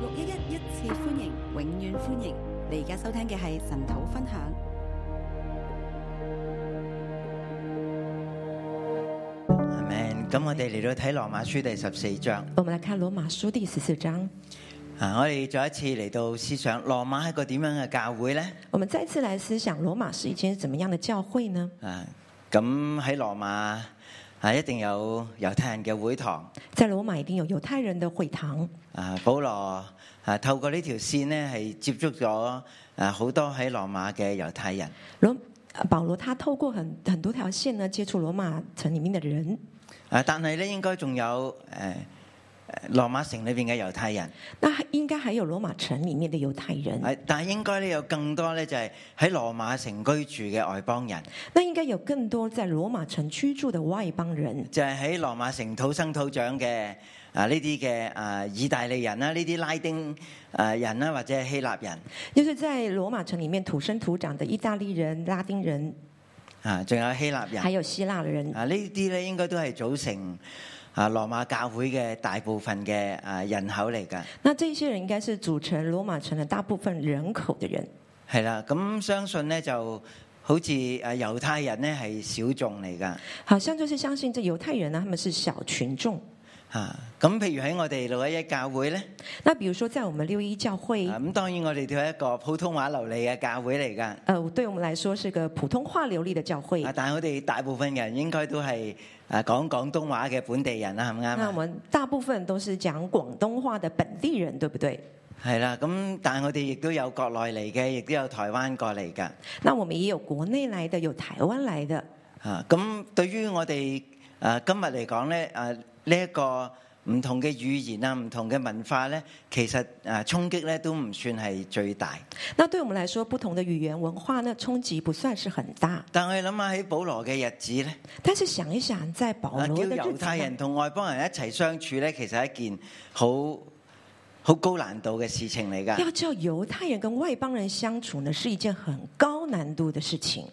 六一一一次歡迎，永遠歡迎。你而家收聽嘅係神徒分享。阿們，咁我哋嚟到睇羅馬書第十四章。我們來看羅馬書第十四章。啊，我哋再一次嚟到思想羅馬係一個點樣嘅教會呢？我哋再一次嚟思想羅馬是一件怎麼樣嘅教會呢？啊，咁喺羅馬。啊！一定有猶太人嘅會堂，在羅馬一定有猶太人的會堂。啊，保羅啊，透過呢條線咧，係接觸咗啊好多喺羅馬嘅猶太人。羅保羅，他透過很很多條線呢，接觸羅馬城裏面嘅人。啊，但係咧，應該仲有誒。呃羅馬城裏邊嘅猶太人，那應該還有羅馬城裏面的猶太人。係，但係應該咧有更多呢，就係喺羅馬城居住嘅外邦人。那應該有更多在羅馬城居住的外邦人。就係、是、喺羅馬城土生土長嘅啊呢啲嘅啊意大利人啦，呢、啊、啲拉丁誒人啦，或者係希臘人，就是在羅馬城裏面土生土長的意大利人、拉丁人啊，仲有希臘人，還有希臘人。啊，呢啲咧應該都係組成。啊，羅馬教會嘅大部分嘅啊人口嚟噶。那這些人應該是組成羅馬城的大部分人口的人。係啦，咁相信呢就好似誒猶太人呢係小眾嚟噶。好，相信是相信，這猶太人呢，他們是小群眾。吓，咁譬如喺我哋六一一教會咧，那比如說在我們六一教會，咁、啊、當然我哋都係一個普通話流利嘅教會嚟噶。誒、啊，對我們來說，是個普通話流利的教會。啊、但係我哋大部分人應該都係。啊，講廣東話嘅本地人啦，係咪啱啊？那我們大部分都是講廣東話的本地人，對不對？係啦，咁但係我哋亦都有國內嚟嘅，亦都有台灣過嚟嘅。那我們也有國內來的，有台灣來的。啊，咁對於我哋誒，今日嚟講咧，誒，呢一個。唔同嘅語言啊，唔同嘅文化呢，其實誒、啊、衝擊呢都唔算係最大。那對我們來說，不同的語言文化呢，呢衝擊不算是很大。但係諗下喺保羅嘅日子呢，但是想一想，在保羅嘅日子。叫猶太人同外邦人一齊相處呢，其實係一件好好高難度嘅事情嚟噶。要叫猶太人跟外邦人相處呢，是一件很，很高難度嘅事情。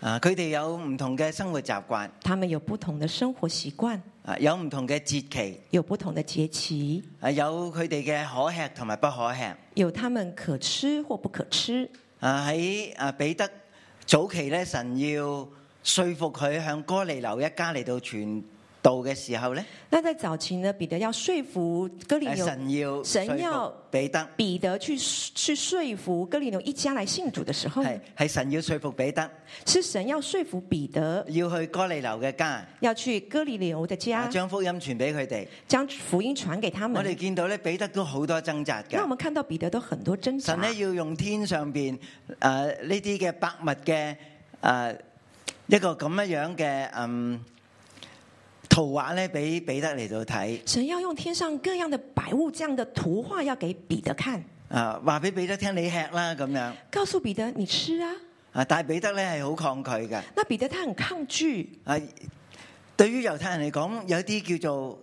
啊，佢哋有唔同嘅生活習慣。他們有不同嘅生活習慣。有唔同嘅節期，有不同嘅節期。啊，有佢哋嘅可吃同埋不可吃，有他們可吃或不可吃。啊，喺啊彼得早期咧，神要說服佢向哥尼流一家嚟到傳道嘅時候咧，那在早前呢，彼得要說服哥尼流，神要神要彼得彼得去去說服哥尼流一家嚟信主嘅時候，係係神要說服彼得，是神要說服彼得要去哥尼流嘅家，要去哥尼流嘅家，將福音傳俾佢哋，將福音傳給他們。我哋見到咧，彼得都好多掙扎噶。那我們看到彼得都很多掙扎。神咧要用天上邊誒呢啲嘅百物嘅，誒、呃、一個咁樣樣嘅嗯。圖畫咧，俾彼得嚟到睇，神要用天上各樣嘅百物，這樣的圖畫要給彼得看啊，話俾彼得聽你吃啦，咁樣，告訴彼得你吃啊，但係彼得咧係好抗拒嘅。那彼得他很抗拒。係、啊、對於猶太人嚟講，有啲叫做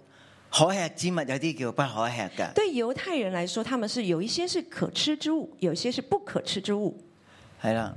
可吃之物，有啲叫不可吃嘅。對猶太人來說，他、嗯、們是有一些是可吃之物，有些是不可吃之物。係啦，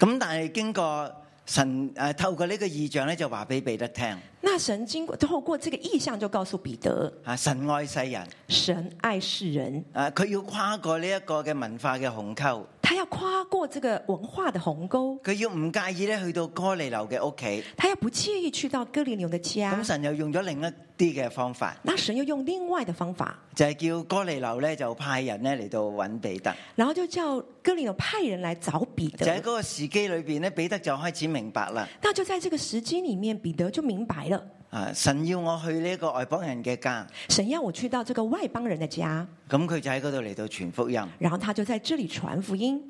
咁但係經過。神，啊，透過呢個意象咧，就話俾彼得聽。那神經過透過這個意象，就告訴彼得：神愛世人，神愛世人。啊，佢要跨過呢一個嘅文化嘅鴻溝。他要跨過這個文化的鴻溝，佢要唔介意咧去到哥尼流嘅屋企，他又不介意去到哥尼流嘅家。咁神又用咗另一啲嘅方法，那神又用另外嘅方法，就係、是、叫哥尼流咧就派人咧嚟到揾彼得，然後就叫哥尼流派人嚟找彼得。就喺、是、嗰個時機裏邊咧，彼得就開始明白啦。但就在這個時機裏面，彼得就明白了。啊、神要我去呢個外邦人嘅家。神要我去到這個外邦人的家，咁佢就喺嗰度嚟到傳福音，然後他就在這裡傳福音。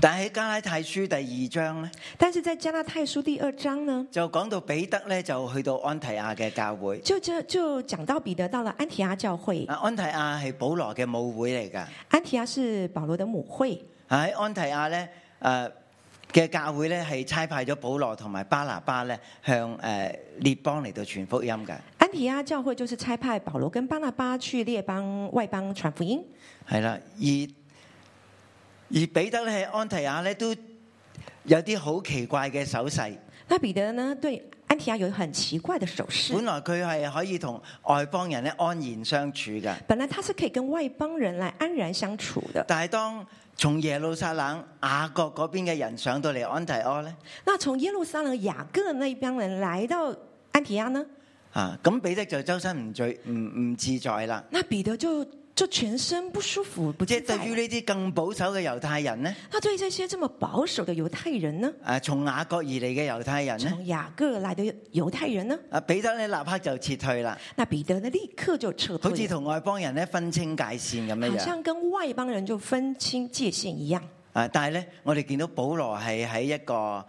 但係喺加拉太書第二章呢，但是在加拉太書第二章呢，就講到彼得咧就去到安提亞嘅教會，就就就講到彼得到了安提亞教會。啊，安提亞係保羅嘅母會嚟㗎。安提亞是保羅嘅母會。喺、啊、安提亞咧，誒、呃。嘅教會咧係差派咗保羅同埋巴拿巴咧向誒、呃、列邦嚟到傳福音嘅。安提亞教會就是差派保羅跟巴拿巴去列邦外邦傳福音。係啦，而而彼得咧喺安提亞咧都有啲好奇怪嘅手勢。那彼得呢對安提亞有很奇怪嘅手勢。本來佢係可以同外邦人咧安然相處嘅。本來他是可以跟外邦人來安然相處的。但係當從耶路撒冷雅各嗰邊嘅人上到嚟安提阿呢？那從耶路撒冷雅各那一班人來到安提阿呢？啊，咁彼得就周身唔醉唔唔自在啦。那彼得就。就全身不舒服，即係對於呢啲更保守嘅猶太人呢？他對這些這麼保守嘅猶太人呢？誒，從雅各而嚟嘅猶太人，呢，從雅各嚟到猶太人呢？啊，彼得呢，立刻就撤退啦。那彼得呢，立刻就撤退，好似同外邦人呢，分清界線咁樣。好像跟外邦人就分清界線一樣。啊，但係咧，我哋見到保羅係喺一個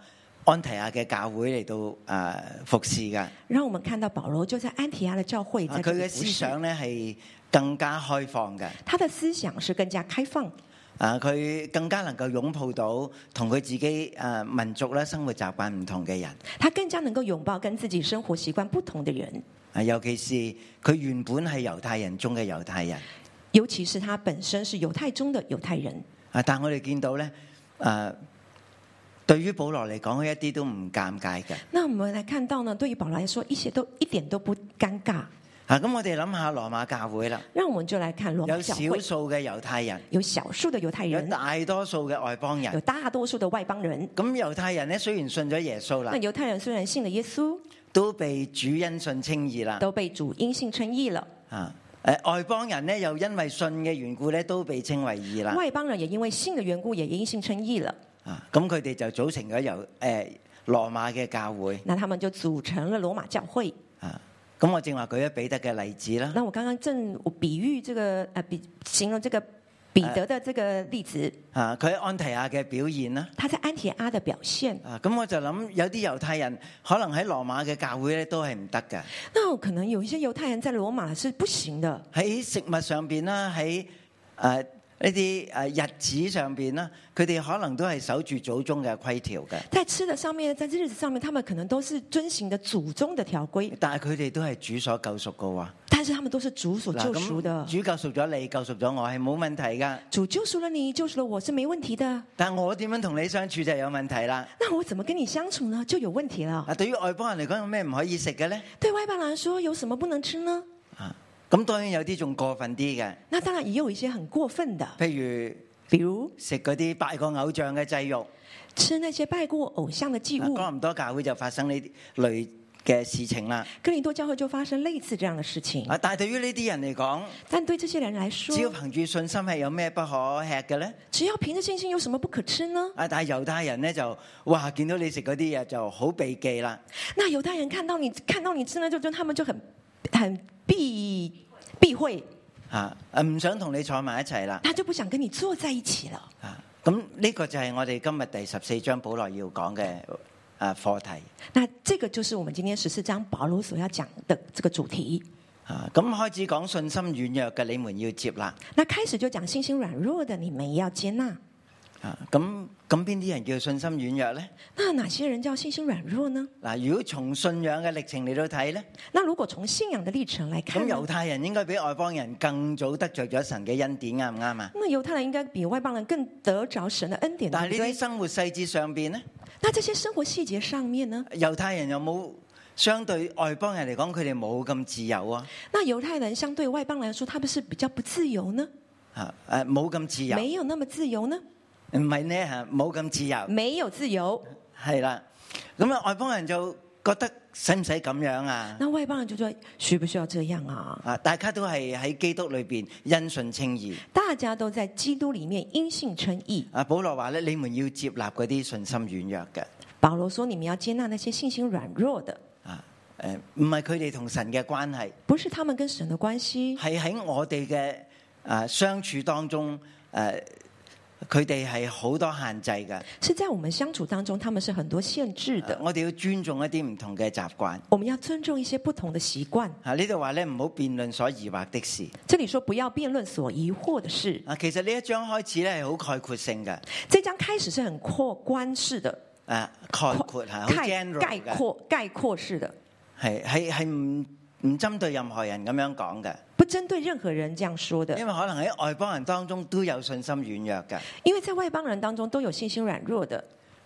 安提亞嘅教會嚟到誒、啊、服侍然讓我們看到保羅就在安提亞嘅教會，佢、啊、嘅思想咧係。是更加開放嘅，他的思想是更加開放。啊，佢更加能夠擁抱到同佢自己誒、啊、民族咧生活習慣唔同嘅人，他更加能夠擁抱跟自己生活習慣不同的人。啊，尤其是佢原本係猶太人中嘅猶太人，尤其是他本身是猶太中的猶太人。啊，但我哋見到咧，誒、啊，對於保羅嚟講，佢一啲都唔尷尬嘅。那我們來看到呢，對於保羅來說，一切都一點都不尷尬。啊！咁我哋諗下羅馬教會啦。咁，我們就來看羅馬教會。有少數嘅猶太人，有少數的猶太人，有大多數嘅外邦人，有大多數的外邦人。咁猶太人呢，雖然信咗耶穌啦，那猶太人雖然信了耶穌，都被主因信稱義啦，都被主因信稱義了。啊！誒、呃，外邦人呢，又因為信嘅緣故咧，都被稱為義啦。外邦人也因為信嘅緣故，也因信稱義了。啊！咁佢哋就組成咗由誒、呃、羅馬嘅教會。那他們就組成了羅馬教會。啊。咁我正話舉一彼得嘅例子啦。嗱，我剛剛正我比喻這個誒、啊，比形容這個彼得的這個例子。啊，佢、啊、喺安提阿嘅表現啦。他在安提阿的表現。啊，咁我就諗有啲猶太人可能喺羅馬嘅教會咧都係唔得嘅。那可能有一些猶太人在羅馬是不行的。喺食物上邊啦，喺誒。啊呢啲誒日子上邊咧，佢哋可能都係守住祖宗嘅規條嘅。在吃的上面，在日子上面，他們可能都是遵循嘅祖宗嘅條規。但係佢哋都係主所救贖嘅喎。但是佢哋都是主所救贖的。主救贖咗你，救贖咗我係冇問題嘅。主救贖咗你，救贖了我是冇問題的。但係我點樣同你相處就有問題啦？那我怎麼跟你相處呢？就有問題啦。對於外邦人嚟講，有咩唔可以食嘅咧？對外邦人嚟講，有什麼不能吃呢？咁當然有啲仲過分啲嘅，那當然也有一些很過分的，譬如，比如食嗰啲拜過偶像嘅祭肉，吃那些拜過偶像嘅祭物，哥林多教會就發生呢類嘅事情啦。哥林多教會就發生類似這樣嘅事情。啊，但係對於呢啲人嚟講，但對這些人嚟說，只要憑住信心係有咩不可吃嘅咧？只要憑着信心有什麼不可吃呢？啊，但係猶太人咧就話見到你食嗰啲嘢，就好避忌啦。那猶太人看到你看到你吃呢，就就他們就很很。避避會啊！唔、啊、想同你坐埋一齊啦。他就不想跟你坐在一起了。啊，咁呢個就係我哋今日第十四章保羅要講嘅啊課題。那這個就是我們今天十四章保羅所要講的這個主題。啊，咁開始講信心軟弱嘅，你們要接啦。那開始就講信心軟弱的，你們要接納。啊！咁咁邊啲人叫信心軟弱咧？那哪些人叫信心軟弱呢？嗱，如果從信仰嘅歷程嚟到睇咧，那如果從信仰嘅歷程嚟睇，咁猶太人應該比外邦人更早得着咗神嘅恩典，啱唔啱啊？那猶太人應該比外邦人更得着神嘅恩典。但係呢啲生活細節上邊呢？那這些生活細節上面呢？猶太人有冇相對外邦人嚟講，佢哋冇咁自由啊？那猶太人相對外邦嚟說，他們是比較不自由呢？吓誒，冇咁自由，沒有那麼自由呢？唔係呢，冇咁自由。沒有自由。係啦，咁啊，外邦人就覺得使唔使咁樣啊？那外邦人就說：需不需要這樣啊？啊，大家都係喺基督裏邊因信稱義。大家都在基督裏面因信稱義。啊，保羅話咧：你們要接納嗰啲信心軟弱嘅。保羅說：你們要接納那些信心軟弱的。啊，誒，唔係佢哋同神嘅關係，不是他們跟神的關係，係喺我哋嘅誒相處當中誒。呃佢哋係好多限制嘅，是在我們相處當中，他們是很多限制的。我哋要尊重一啲唔同嘅習慣，我們要尊重一些不同的習慣。啊，呢度話咧唔好辯論所疑惑的事。即係你說不要辯論所疑惑的事。啊，其實呢一章開始咧係好概括性嘅，呢章開始是很擴觀式的，啊，啊概括吓，好 general、啊、概括概括，概括式的，係係係唔唔針對任何人咁樣講嘅。不針對任何人，這樣說的。因為可能喺外邦人當中都有信心軟弱嘅。因為在外邦人當中都有信心軟弱的。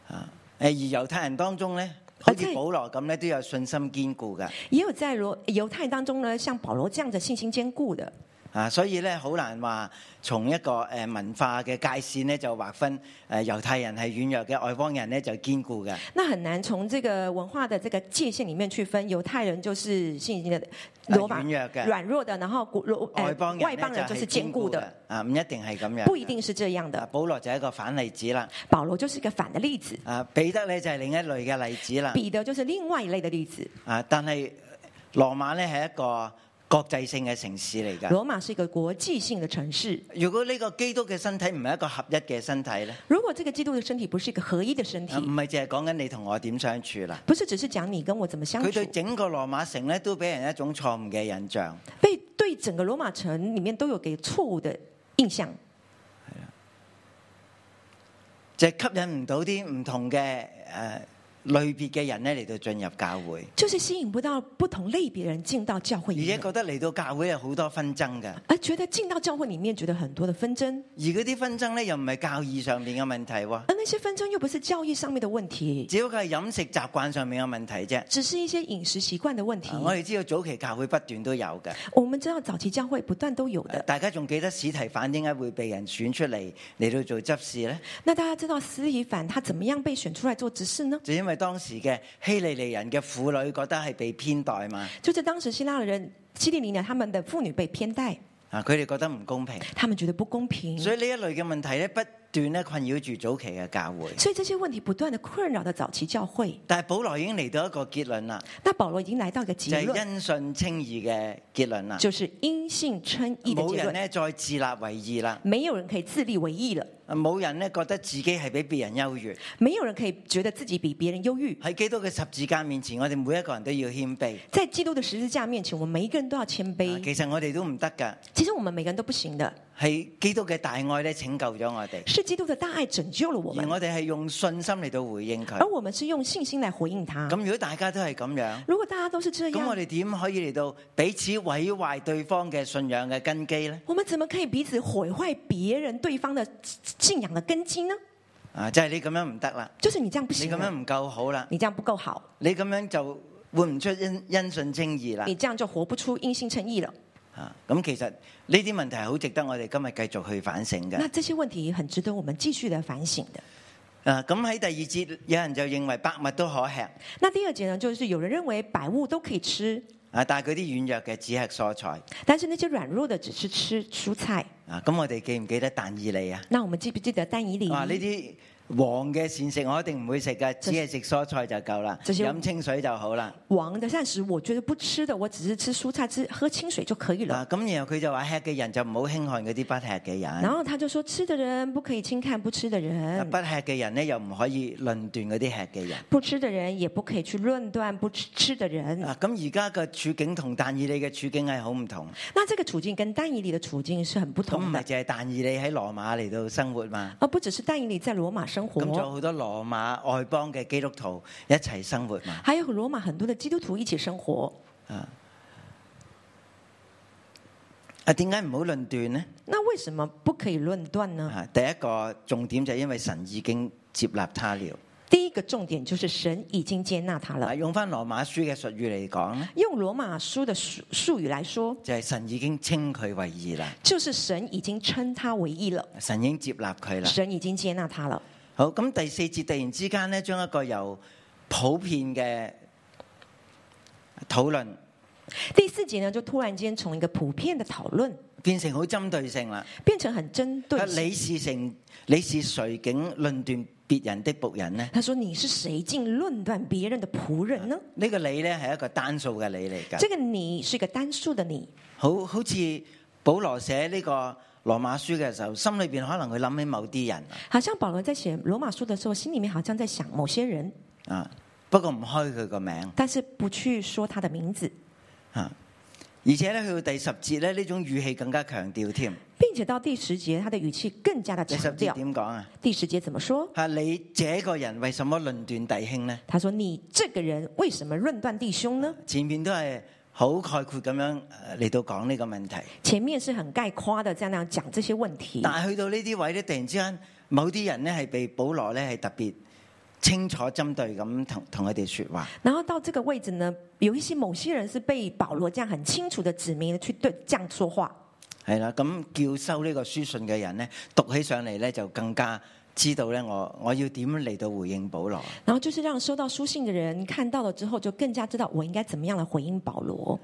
啊，誒而猶太人當中呢，好似保羅咁呢，都有信心堅固嘅。也有在羅猶太人當中呢，像保羅這樣的信心堅固的。啊，所以咧好難話從一個誒、呃、文化嘅界線咧就劃分，誒、呃、猶太人係軟弱嘅，外邦人咧就堅固嘅。那很難從這個文化的這個界限裡面去分，猶太人就是信心嘅，軟弱嘅、軟弱的，然後、呃、外邦外邦人就係堅固嘅。啊，唔一定係咁樣，不一定是這樣的。保羅就係一個反例子啦。保羅就是一個反嘅例子。啊，彼得咧就係另一類嘅例子啦。彼得就是另外一類嘅例子。啊，但係羅馬咧係一個國際性嘅城市嚟㗎，羅馬是一個國際性嘅城市。如果呢個基督嘅身體唔係一個合一嘅身體咧，如果這個基督嘅身體不是一個合一嘅身體，唔係淨係講緊你同我點相處啦，不是只是講你跟我怎麼相處。佢對整個羅馬城咧，都俾人一種錯誤嘅印象。被對對，整個羅馬城裏面都有幾錯誤嘅印象。係啊，即、就、係、是、吸引唔到啲唔同嘅誒。呃類別嘅人呢嚟到進入教會，就是吸引不到不同類別人進到教會。而家覺得嚟到教會有好多紛爭嘅，而覺得進到教會裏面覺得很多嘅紛爭。而嗰啲紛爭呢，又唔係教義上面嘅問題喎。而那些紛爭又不是教義上面嘅問，問題，只係飲食習慣上面嘅問題啫。只是一些飲食習慣嘅問題。我哋知道早期教會不斷都有嘅，我們知道早期教會不斷都有的。有的啊、大家仲記得史提反點解會被人選出嚟嚟到做執事呢？那大家知道史提反他怎麼樣被選出嚟做執事呢？係當時嘅希利尼人嘅婦女覺得係被偏待嘛？就是當時希臘人希利尼人，他們的婦女被偏待，啊，佢哋覺得唔公平，他們覺得不公平，所以呢一類嘅問題咧，不斷咧困擾住早期嘅教會。所以這些問題不斷的困擾到早期教會。但係保羅已經嚟到一個結論啦。但保羅已經嚟到個結論就係因信稱義嘅結論啦，就是因信稱義嘅結論，冇人呢、就是、再自立為義啦，沒有人可以自立為義了。冇人咧覺得自己係比別人優越，沒有人可以覺得自己比別人優越。喺基督嘅十字架面前，我哋每一個人都要謙卑。在基督的十字架面前，我每一個人都要謙卑。其實我哋都唔得㗎。其實我們每個人都不行的。係基督嘅大愛咧拯救咗我哋，是基督的大愛拯救了我們。而我哋係用信心嚟到回應佢，而我們是用信心來回應他。咁如果大家都係咁樣，如果大家都是這樣，咁我哋點可以嚟到彼此毀壞對方嘅信仰嘅根基呢？我們怎麼可以彼此毀壞別人對方的？信仰的根基呢？啊，就係你咁樣唔得啦，就是你這樣不行，你咁樣唔夠好啦，你這樣不夠好，你咁樣就活唔出因信稱義啦，你這樣就活不出因，因信稱義了。啊，咁其實呢啲問題好值得我哋今日繼續去反省嘅。那這些問題很值得我們繼續的反省的。啊，咁喺第二節，有人就認為百物都可吃。那第二節呢，就是有人認為百物都可以吃。啊！但佢啲軟弱嘅只係蔬菜，但是呢些軟弱嘅只是吃蔬菜。啊！咁我哋記唔記得但以理啊？那我們記不記得但以理、啊？呢、啊、啲。王嘅膳食我一定唔會食㗎，只係食蔬菜就夠啦，飲清水就好啦。王嘅膳食我覺得不吃的，我只是吃蔬菜，吃喝清水就可以了。咁、啊、然後佢就話吃嘅人就唔好輕看嗰啲不吃嘅人。然後他就說，吃嘅人不可以輕看不吃嘅人,、啊、人,人。不吃嘅人呢又唔可以論斷嗰啲吃嘅人。不吃嘅人也不可以去論斷不吃吃的人。咁而家嘅處境同但以理嘅處境係好唔同。嗱，呢個處境跟但以理嘅處境是很不同的。唔係就係但以理喺羅馬嚟到生活嘛？而、啊、不只是但以理在羅馬生。咁仲有好多羅馬外邦嘅基督徒一齊生活嘛？還有羅馬很多嘅基督徒一起生活。啊，啊點解唔好論斷呢？那為什麼不可以論斷呢？啊、第一個重點就係因為神已經接納他了。第一個重點就是神已經接納他了。啊、用翻羅馬書嘅術語嚟講，用羅馬書嘅術語來說，就係、是、神已經稱佢為義啦。就是神已經稱他為義了。神已經接納佢啦。神已經接納他了。好，咁第四節突然之間咧，將一個由普遍嘅討論，第四節呢，就突然間從一個普遍嘅討論，變成好針對性啦，變成很針對性。你是成他說你是誰竟論斷別人的僕人呢？他說你是誰竟論斷別人的僕人呢？這個、理呢個你咧係一個單數嘅你嚟噶，這個你是一個單數的你，好好似保羅寫呢、這個。羅馬書嘅時候，心裏邊可能會諗起某啲人。好像保羅在寫羅馬書的時候，心裏面好像在想某些人。啊，不過唔開佢個名，但是不去說他的名字。啊，而且咧去到第十節咧，呢種語氣更加強調添。並且到第十節，他的語氣更加的強調。點講啊？第十節怎，怎麼說？啊，你這個人為什麼論斷弟兄呢？他說，你這個人為什麼論斷弟兄呢？前面都係好概括咁樣嚟到講呢個問題。前面是很概括的，這樣樣講這些問題。但係去到呢啲位咧，突然之間某啲人咧係被保羅咧係特別清楚針對咁同同佢哋說話。然後到這個位置呢，有一些某些人是被保羅這樣很清楚的指明去對這樣說話。係啦，咁叫收呢個書信嘅人咧，讀起上嚟咧，就更加。知道咧，我我要點嚟到回應保羅？然後就是讓收到書信嘅人看到了之後，就更加知道我應該怎麼樣來回應保羅。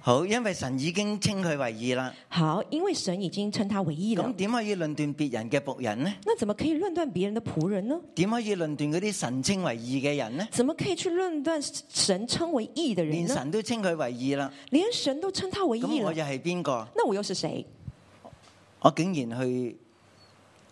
好，因為神已經稱佢為義啦。好，因為神已經稱他為義啦。咁，點可以論斷別人嘅僕人呢？那怎麼可以論斷別人的僕人呢？點可以論斷嗰啲神稱為義嘅人呢？怎麼可以去論斷神稱為義嘅人？連神都稱佢為義啦，連神都稱他為義。咁，我又係邊個？那我又是誰？我竟然去。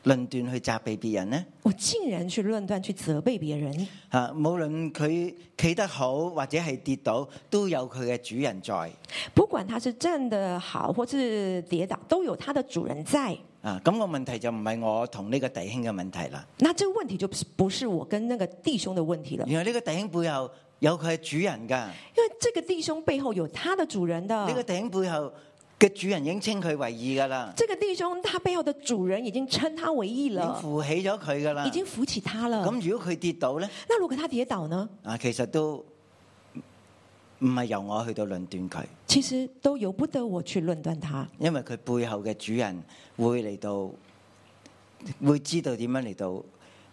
論斷去責備別人呢？我竟然去論斷去責備別人？啊，無論佢企得好或者係跌倒，都有佢嘅主人在。不管他是站得好或是跌倒，都有他的主人在。啊，咁個問題就唔係我同呢個弟兄嘅問題啦。那這個問題就不是我跟那個弟兄的問題了。原來呢個弟兄背後有佢嘅主人噶。因為這個弟兄背後有他的主人的。呢個弟兄背後。嘅主人已經稱佢為義噶啦，這個弟兄，他背後的主人已經稱他為義了，你扶起咗佢噶啦，已經扶起他了。咁如果佢跌倒呢？那如果他跌倒呢？啊，其實都唔係由我去到論斷佢，其實都由不得我去論斷他，因為佢背後嘅主人會嚟到，會知道點樣嚟到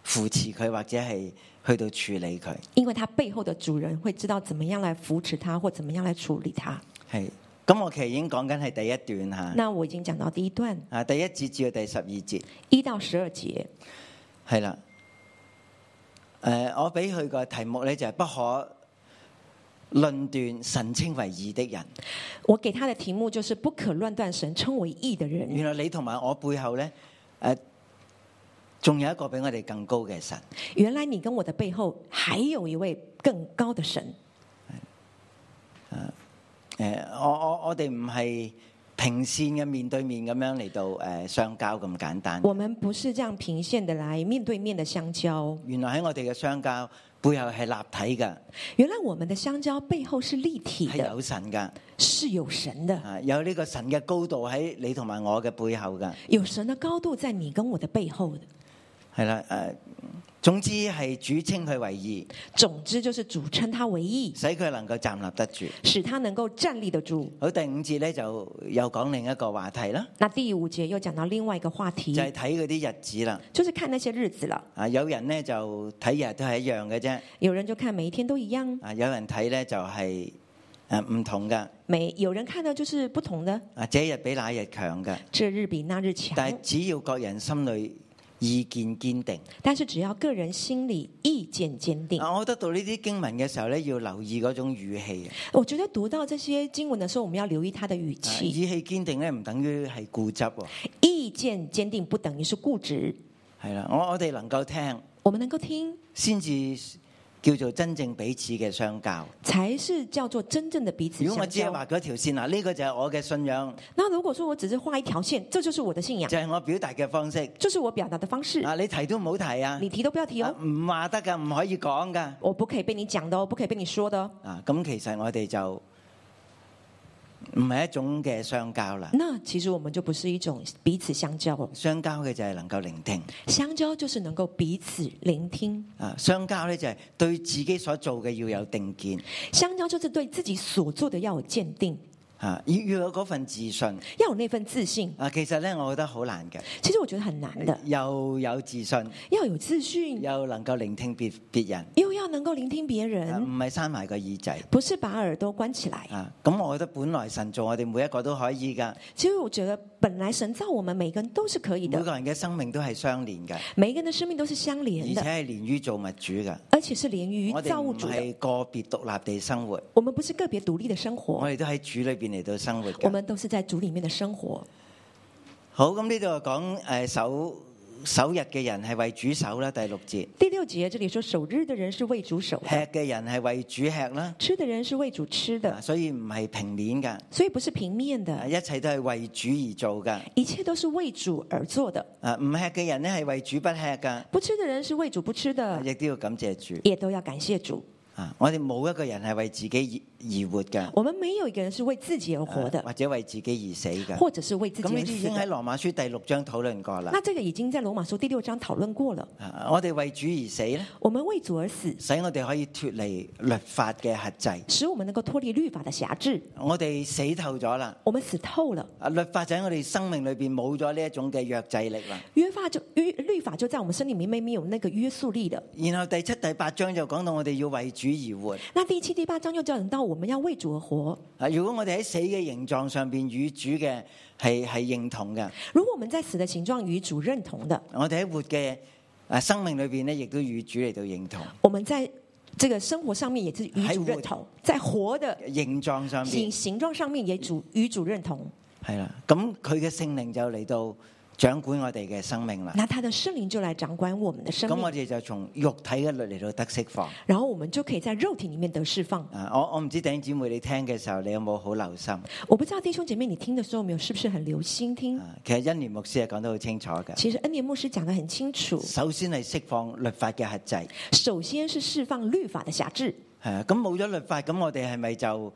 扶持佢或者係去到處理佢，因為他背後的主人會知道怎麼樣來扶持他或怎麼樣來處理他，係。咁我其實已經講緊係第一段吓，那我已經講到第一段，啊，第一節至到第十二節，一到十二節，係啦。誒、呃，我俾佢個題目咧，就係不可論斷神稱為義的人。我給他的題目就是不可亂斷神稱為義的人。原來你同埋我背後咧，誒、呃，仲有一個比我哋更高嘅神。原來你跟我的背後還有一位更高的神。誒、呃，我我我哋唔係平線嘅面對面咁樣嚟到誒相交咁簡單。我們不是這樣平線的來面對面的、呃、相交。原來喺我哋嘅相交背後係立體嘅。原來我們的相交背後是立體。係有神噶。是有神的。有呢、啊、個神嘅高度喺你同埋我嘅背後噶。有神的高度在你跟我的背後的。係啦，誒、呃。總之係主稱佢為義，總之就是主稱他為義，使佢能夠站立得住，使他能夠站立得住。好，第五節咧就又講另一個話題啦。那第五節又講到另外一個話題，就係睇嗰啲日子啦，就是看那些日子啦。啊，有人咧就睇日都係一樣嘅啫，有人就看每一天都一樣。啊，有人睇咧就係誒唔同噶，每有人看到就是不同嘅。啊，這一日比那日強嘅，這日比那日強。但係只要各人心裏。意見堅定，但是只要個人心理意見堅定，啊，我得到呢啲經文嘅時候咧，要留意嗰種語氣。我覺得讀到這些經文的時候，我們要留意他的語氣。語氣堅定咧，唔等於係固執；意見堅定，不等於是固執。係啦，我我哋能夠聽，我們能夠聽，先至。叫做真正彼此嘅相交，才是叫做真正的彼此。如果我只係畫嗰條線啊，呢、這個就係我嘅信仰。那如果說我只是畫一條線，這就是我的信仰。就係我表達嘅方式，就是我表達嘅方式。啊，你提都唔好提啊！你提都不要提、哦、啊，唔話得㗎，唔可以講㗎。我不可以被你講的，我不可以被你說的。啊，咁、嗯、其實我哋就。唔係一種嘅相交啦，那其實我們就不是一種彼此相交。相交嘅就係能夠聆聽，相交就是能夠彼此聆聽。啊，相交呢，就係對自己所做嘅要有定見，相交就是對自己所做嘅要有鑒定。啊！要要有嗰份自信，要有那份自信。啊，其實咧，我覺得好難嘅。其實我覺得很難的。又有自信，又有自信，又能夠聆聽別別人，又要能夠聆聽別人，唔係閂埋個耳仔，不是把耳朵關起來。啊，咁我覺得本來神做我哋每一個都可以㗎。其實我覺得。本來神造我們每個人都是可以的，每個人嘅生命都係相連嘅，每個人嘅生命都是相連，而且係連於造物主嘅，而且是連於造物主，造物主。我哋唔係個別獨立地生活，我們不是個別獨立的生活，我哋都喺主裏邊嚟到生活嘅，我們都是在主裏面的生活。好，咁呢度講誒手。守日嘅人係為主守啦，第六節。第六節這裏說守日嘅人是為主守。吃嘅人係為主吃啦。吃嘅人是為主吃的，所以唔係平面噶。所以不是平面的，一切都係為主而做噶。一切都是為主而做的。啊，唔吃嘅人咧係為主不吃噶。不吃嘅人是為主不吃的，亦都要感謝主，亦都要感謝主。啊，我哋冇一個人係為自己而活嘅，我們沒有一個人是為自己而活的，啊，或者為自己而死嘅，或者是為自己而死的。咁呢啲已經喺羅馬書第六章討論過啦。那這個已經在羅馬書第六章討論過了。我哋為主而死咧，我們為主而死，使我哋可以脫離律法嘅轄制，使我們能夠脫離律法嘅轄制。我哋死透咗啦，我們死透了。律法就喺我哋生命裏邊冇咗呢一種嘅約制力啦。約法就律律法就在我們生命裏面沒有，面沒有那個約束力的。然後第七、第八章就講到我哋要為主而活。那第七、第八章又講到。我們要為主而活。如果我哋喺死嘅形狀上邊與主嘅係係認同嘅，如果我們在死嘅形狀與主認同嘅，我哋喺活嘅啊生命裏邊咧，亦都與主嚟到認同。我們在這個生活上面也是與主認同，在活，在活的形狀上面，形形狀上面也主與主認同。係啦，咁佢嘅聖靈就嚟到。掌管我哋嘅生命啦，那他的聖靈就來掌管我們的生命。咁我哋就從肉體嘅律嚟到得釋放，然後我們就可以在肉體裡面得釋放。啊，我我唔知弟兄姐妹你聽嘅時候，你有冇好留心？我不知道弟兄姐妹你聽嘅時候，有冇是不是很留心聽，啊？其實恩年牧師係講得好清楚嘅。其實恩年牧師講得很清楚。首先係釋放律法嘅轄制，首先是釋放律法嘅轄制。係啊，咁冇咗律法，咁我哋係咪就誒唔唔？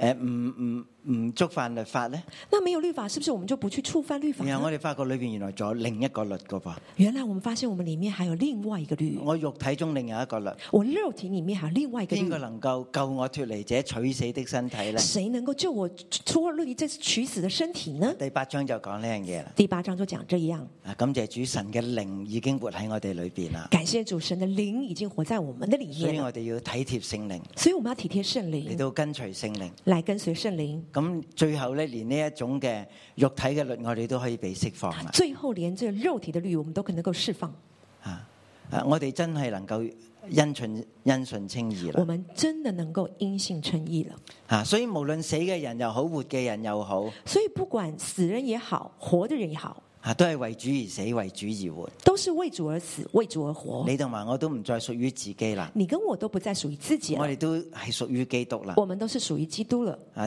呃嗯嗯唔觸犯律法咧？那沒有律法，是不是我們就不去觸犯律法？然後我哋發覺裏邊原來仲有另一個律嘅噃。原來我們發現我們裏面還有另外一個律。我肉體中另外一個律。我肉體裏面還有另外一個律。邊個能夠救我脫離者取死的身體咧？誰能夠救我脫離這取死的身體呢？第八章就講呢樣嘢啦。第八章就講這一樣。啊，感謝主，神嘅靈已經活喺我哋裏邊啦。感謝主，神嘅靈已經活在我們的裏面。所以我哋要體貼聖靈。所以我們要體貼聖靈，嚟到跟隨聖靈，嚟跟隨聖靈。咁最後咧，連呢一種嘅肉體嘅律，我哋都可以被釋放。最後連這肉體嘅律，我們都可能夠釋放。啊！啊，我哋真係能夠因信因信稱義啦。我們真的能夠因信稱義了。啊！所以無論死嘅人又好，活嘅人又好。所以不管死人也好，活嘅人也好，啊，都係為主而死，為主而活。都是為主而死，為主而活。你同埋我都唔再屬於自己啦。你跟我都不再屬於自己。我哋都係屬於基督啦。我們都是屬於基督了。啊！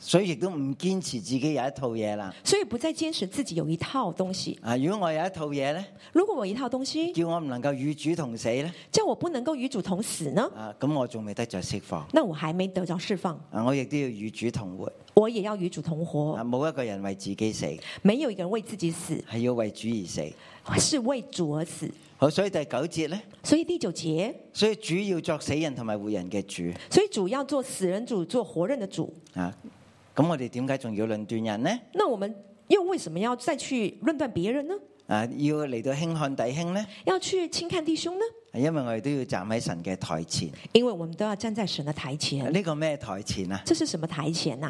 所以亦都唔堅持自己有一套嘢啦，所以不再堅持自己有一套東西。啊，如果我有一套嘢呢？如果我一套東西，叫我唔能夠與主同死呢？即係我不能夠與主同死呢？啊，咁我仲未得着釋放，那我還沒得着釋放。啊，我亦都要與主同活，我也要與主同活。啊，冇一個人為自己死，沒有一個人為自己死，係要為主而死。是為主而死，好，所以第九節呢？所以第九節，所以主要作死人同埋活人嘅主，所以主要做死人主做活人嘅主啊，咁我哋點解仲要論斷人呢？那我們又為什麼要再去論斷別人呢？啊，要嚟到輕看弟兄呢？要去輕看弟兄呢？因為我哋都要站喺神嘅台前，因為我們都要站在神嘅台前。呢、啊，這個咩台前啊？這是什麼台前啊？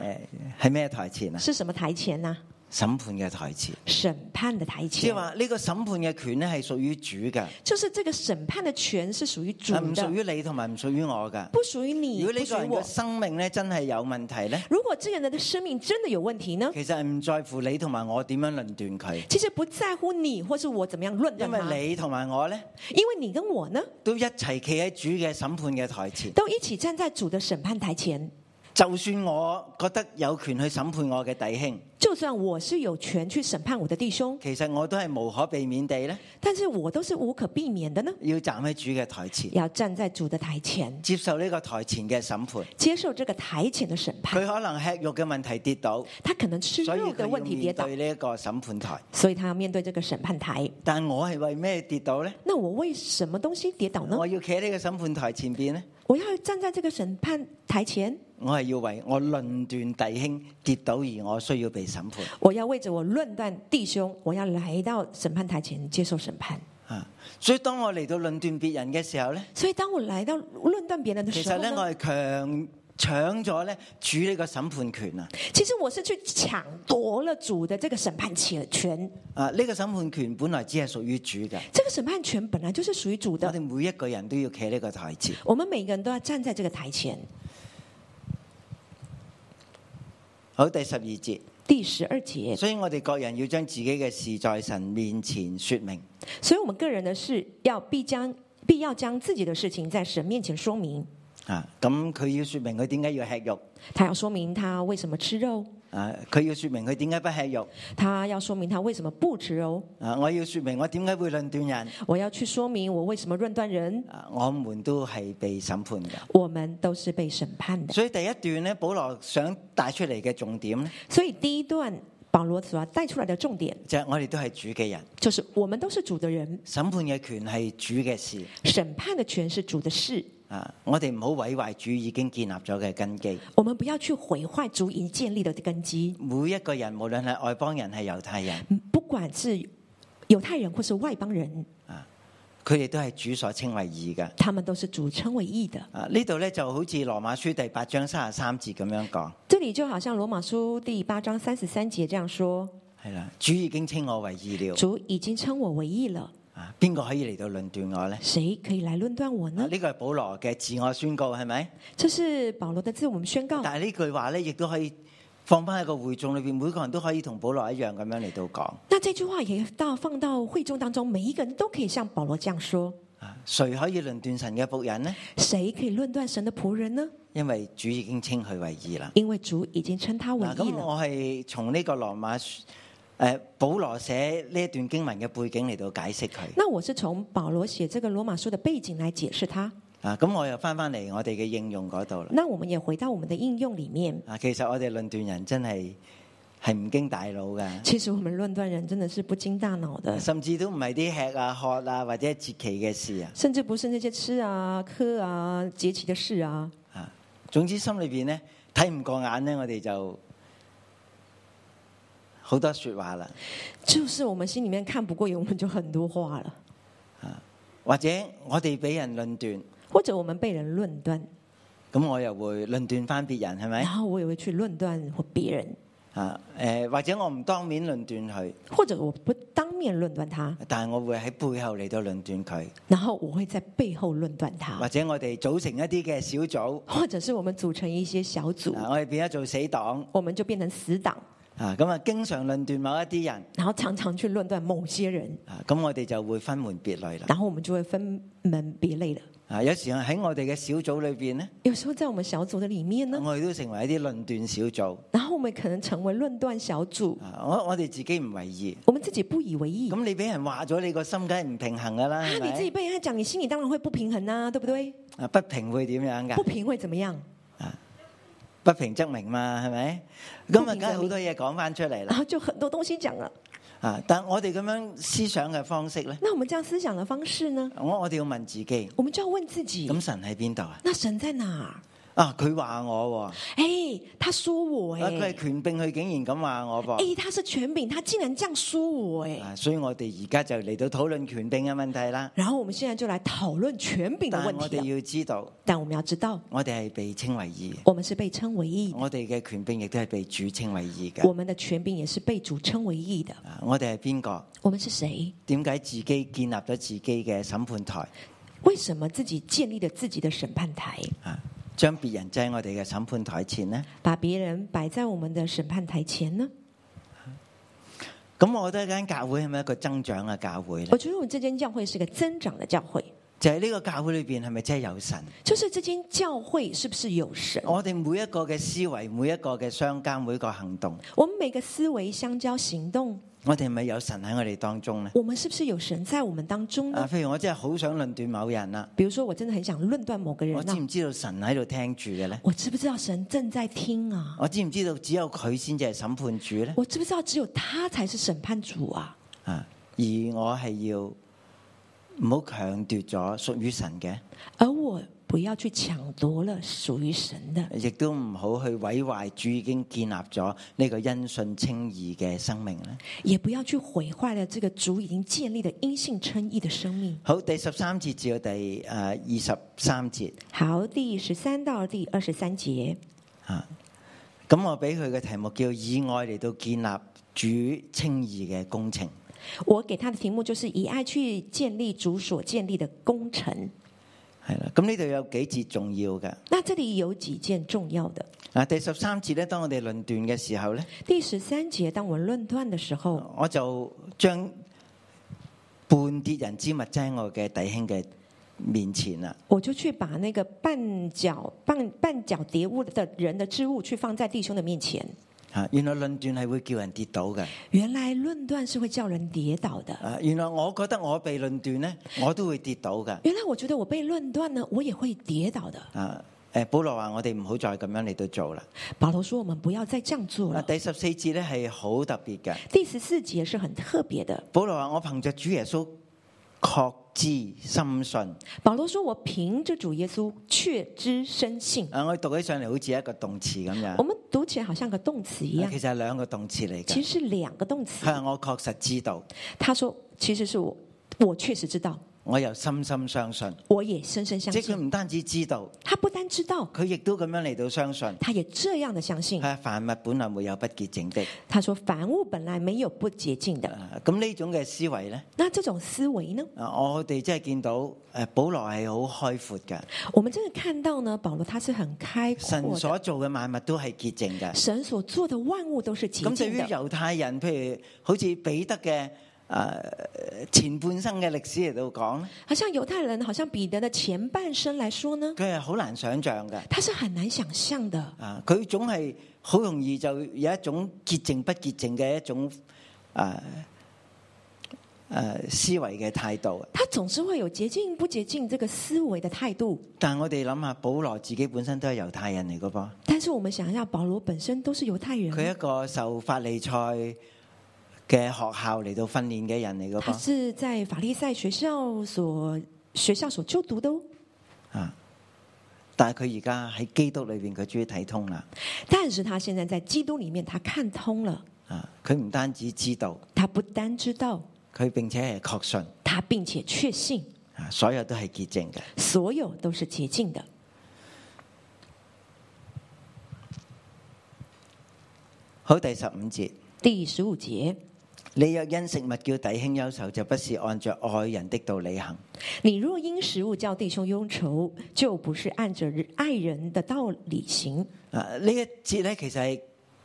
係、啊、咩台前啊？是什麼台前啊？審判嘅台前，審判嘅台前，即係話呢個審判嘅權咧係屬於主嘅，就是這個審判嘅權是屬於主，唔屬於你同埋唔屬於我噶，不屬於你，你。如果你個人嘅生命咧真係有問題咧，如果這個人嘅生命真的有問題呢？其實唔在乎你同埋我點樣論斷佢，其實不在乎你或是我怎麼樣論斷佢，因為你同埋我咧，因為你跟我呢，都一齊企喺主嘅審判嘅台前，都一起站在主嘅審判台前。就算我覺得有權去審判我嘅弟兄，就算我是有權去審判我的弟兄，其實我都係無可避免地呢。但是，我都是無可避免的呢。要站喺主嘅台前，要站在主的台前，接受呢個台前嘅審判，接受這個台前嘅審判。佢可能吃肉嘅問題跌倒，他可能吃肉嘅問題跌倒。對呢一個審判台，所以他要面對這個審判台。但我係為咩跌倒呢？那我為什麼東西跌倒呢？我要企喺呢個審判台前邊呢，我要站在這個審判台前。我係要為我論斷弟兄跌倒而我需要被審判。我要為着我論斷弟兄，我要來到審判台前接受審判。啊！所以當我嚟到論斷別人嘅時候咧，所以當我來到論斷別人嘅時候其實咧，我係強搶咗咧主呢個審判權啊！其實我是去搶奪了主的這個審判權。啊！呢個審判權本來只係屬於主嘅。這個審判權本來就是屬於主的。我哋每一個人都要企呢個台前。我們每個人都要站在這個台前。好，第十二節。第十二節，所以我哋各人要將自己嘅事在神面前說明。所以，我們個人呢，是要必將必要將自己的事情在神面前說明。啊，咁佢要說明佢點解要吃肉，他要說明他為什麼吃肉。啊！佢要說明佢點解不吃肉，他要說明他為什麼不吃肉。啊！我要說明我點解會論斷人，我要去說明我為什麼論斷人。啊！我們都係被審判嘅，我們都是被審判的。所以第一段呢，保羅想帶出嚟嘅重點呢，所以第一段。保羅所帶出來的重點，就係、是、我哋都係主嘅人，就是我們都是主的人。審判嘅權係主嘅事，審判嘅權是主的事。啊，我哋唔好毀壞主已經建立咗嘅根基。我們不要去毀壞主已建立的根基。每一個人，無論係外邦人，係猶太人，不管是猶太人或是外邦人，啊。佢哋都係主所稱為義噶，他們都是主稱為義的。啊，呢度咧就好似羅馬書第八章三十三節咁樣講，這裏就好像羅馬書第八章三十三節這樣說，係啦，主已經稱我為義了，主已經稱我為義了。啊，邊個可以嚟到論斷我咧？誰可以嚟論斷我呢？我呢、啊呢個係保羅嘅自我宣告，係咪？這是保羅嘅自我宣告。但係呢句話咧，亦都可以。放翻喺個會眾裏邊，每個人都可以同保羅一樣咁樣嚟到講。那這句話也都放到會眾當中，每一個人都可以像保羅這樣說。啊，誰可以論斷神嘅僕人呢？誰可以論斷神的僕人呢？因為主已經稱佢為義啦。因為主已經稱他為義了。咁、啊、我係從呢個羅馬誒、呃、保羅寫呢一段經文嘅背景嚟到解釋佢。那我是從保羅寫這個羅馬書的背景來解釋他。啊，咁我又翻翻嚟我哋嘅應用嗰度啦。那我們也回到我們的應用裏面。啊，其實我哋論斷人真係係唔經大腦噶。其實我們論斷人真的是不經大腦的。啊，甚至都唔係啲吃啊、喝啊或者節期嘅事啊。甚至不是那些吃啊、喝啊、節期嘅事啊。啊，總之心裏邊呢，睇唔過眼呢，我哋就好多說話啦。就是我們心裏面看不過眼，我們就很多話啦。啊，或者我哋俾人論斷。或者我們被人論斷，咁我又會論斷翻別人，係咪？然後我又會去論斷別人。啊，誒，或者我唔當面論斷佢，或者我不當面論斷他，但係我會喺背後嚟到論斷佢。然後我會在背後論斷他，或者我哋組成一啲嘅小組，或者是我們組成一些小組，我哋變咗做死黨，我們就變成死黨。啊，咁啊，經常論斷某一啲人，然後常常去論斷某些人。啊，咁我哋就會分門別類啦。然後我們就會分門別類啦。啊，有時候喺我哋嘅小組裏邊呢，有時候在我們小組的裏面呢，我哋都成為一啲論斷小組。然後我們可能成為論斷小組。我我哋自己唔為意。我們自己不以為意。咁你俾人話咗，你個心梗係唔平衡噶啦、啊。你自己俾人講，你心裏當然會不平衡啦、啊，對不對？啊，不平會點樣噶？不平會怎麼樣？啊，不平則鳴嘛，係咪？咁啊，梗係好多嘢講翻出嚟啦。然後就很多東西講啦。啊！但我哋咁樣思想嘅方式咧，那我們這樣思想的方式呢？我我哋要問自己，我們就要問自己，咁神喺邊度？那神在哪兒？啊！佢話我喎，誒，他說我誒，佢係權柄，佢竟然咁話我噃，誒、啊，他是權柄，他竟然這樣說我誒、哎啊，所以我哋而家就嚟到討論權柄嘅問題啦。然後我們現在就來討論權柄嘅問題。我哋要知道，但我們要知道，我哋係被稱為義，我們是被稱為義，我哋嘅權柄亦都係被主稱為義嘅。我們的權柄也是被主稱為義嘅。我哋係邊個？我們是誰？點解自己建立咗自己嘅審判台？為什麼自己建立了自己的審判台？啊？將別人掟喺我哋嘅審判台前呢？把別人擺在我們的審判台前呢？咁我覺得間教會係咪一個增長嘅教會？我覺得我這間教會是一個增長嘅教會。就喺、是、呢個教會裏邊，係咪真係有神？就是這間教會是不是有神？我哋每一個嘅思維，每一個嘅相交，每一個行動，我們每個思維相交行動。我哋咪有神喺我哋當中呢？我們是不是有神在我們當中？啊，譬如我真係好想論斷某人啦、啊。比如說我真的很想論斷某個人、啊。我知唔知道神喺度聽住嘅咧？我知唔知道神正在聽啊？我知唔知道只有佢先至係審判主咧？我知唔知道只有他才是審判主啊？啊，而我係要唔好強奪咗屬於神嘅。而我。不要去搶奪了屬於神的，亦都唔好去毀壞主已經建立咗呢個因信稱義嘅生命啦。也不要去毀壞了這個主已經建立的因信稱義的生命。好，第十三節至到第誒二十三節。好，第十三到第二十三節。啊，咁我俾佢嘅題目叫以愛嚟,到建立主稱義嘅工程。我給他的題目就是以愛去建立主所建立的工程。係啦，咁呢度有幾節重要嘅。嗱，這裏有幾件重要的。啊，第十三節咧，當我哋論斷嘅時候咧，第十三節當我哋論斷嘅時候，我就將半跌人之物喺我嘅弟兄嘅面前啦。我就去把那個半腳半半腳跌污的人的織物去放在弟兄嘅面前。原來論斷係會叫人跌倒嘅，原來論斷是會叫人跌倒的。啊，原來我覺得我被論斷呢，我都會跌倒嘅。原來我覺得我被論斷呢，我也會跌倒的。啊，誒，保羅話我哋唔好再咁樣嚟到做啦。保羅說我們不要再這樣做了。第十四節咧係好特別嘅，第十四節是很特別的。保羅話我憑着主耶穌。確知深信，保羅說我憑着主耶穌確知深信。啊，我讀起上嚟，好似一個動詞咁樣。我們讀起來好像個動詞一樣。其實係兩個動詞嚟嘅。其實係兩個動詞。係我確實知道。他說，其實是我，我確實知道。我又深深相信，我也深深相信。即佢唔單止知道，他不單知道，佢亦都咁樣嚟到相信。他也這樣嘅相信。係啊，凡物本來沒有不潔淨的。他說凡物本來沒有不潔淨的。咁呢種嘅思維咧？嗱，這種思維呢？啊，我哋真係見到誒，保羅係好開闊嘅。我們真係看到呢，保羅他是很開闊的。神所做嘅萬物都係潔淨嘅。神所做嘅萬物都是潔淨嘅。咁對於猶太人，譬如好似彼得嘅。誒，前半生嘅歷史嚟到講咧，好像猶太人，好像彼得的前半生來說呢，佢係好難想象嘅，他是很難想象的。啊，佢總係好容易就有一種潔淨不潔淨嘅一種誒、啊啊、思維嘅態度。他總是會有潔淨不潔淨這個思維的態度。但係我哋諗下，保羅自己本身都係猶太人嚟嘅噃。但是我們想一下，保羅本身都是猶太人，佢一個受法利賽嘅學校嚟到訓練嘅人嚟噶，佢是在法利賽學校所學校所就讀的哦。啊，但係佢而家喺基督裏邊，佢終於睇通啦。但是他現在在基督裏面，他看通了。啊，佢唔單止知道，他不單知道，佢並且係確信，他並且確信。啊，所有都係潔淨嘅，所有都是潔淨的。好，第十五節。第十五節。你若因食物叫弟兄憂愁，就不是按着愛人的道理行。你若因食物叫弟兄憂愁，就不是按着愛人的道理行。啊，呢一節咧，其實係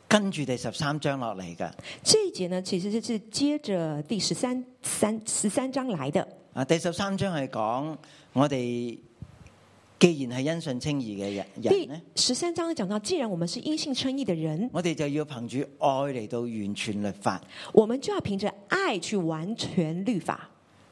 跟住第十三章落嚟噶。這一節呢，其實就是接着第十三三十三章來的。啊，第十三章係講我哋。既然係因信稱義嘅人，人呢？十三章講到，既然我們是因信稱義的人，我哋就要憑住愛嚟到完全律法。我們就要憑着愛去完全律法。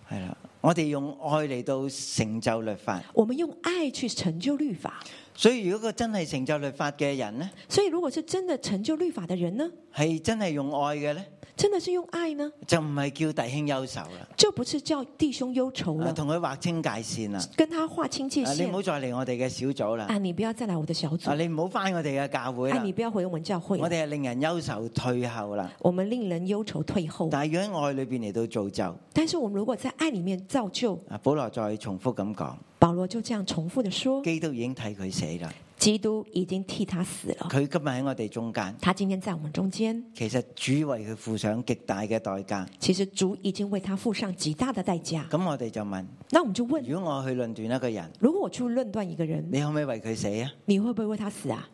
係啦，我哋用愛嚟到成就律法。我們用愛去成就律法。所以如果個真係成就律法嘅人呢？所以如果是真的成就律法的人呢？係真係用愛嘅呢。真的是用愛呢？就唔係叫弟兄憂愁啦，就不是叫弟兄憂愁啦，同佢劃清界線啦，跟他劃清界線。你唔好再嚟我哋嘅小組啦。啊，你不要再來我的小組。啊，你唔好翻我哋嘅教會啦。啊，你不要回我們教會。我哋係令人憂愁退後啦。我們令人憂愁退後。但係如果喺愛裏邊嚟到造就，但是我們如果在愛裏面造就，啊，保羅再重複咁講，保羅就這樣重複地說，基督已經替佢死啦。基督已經替他死了。佢今日喺我哋中間。他今天在我們中間。其實主為佢付上極大嘅代價。其實主已經為他付上極大的代價。咁我哋就問，那我們就問，如果我去論斷一個人，如果我去論斷一個人，你可唔可以為佢死啊？你會不會為他死啊？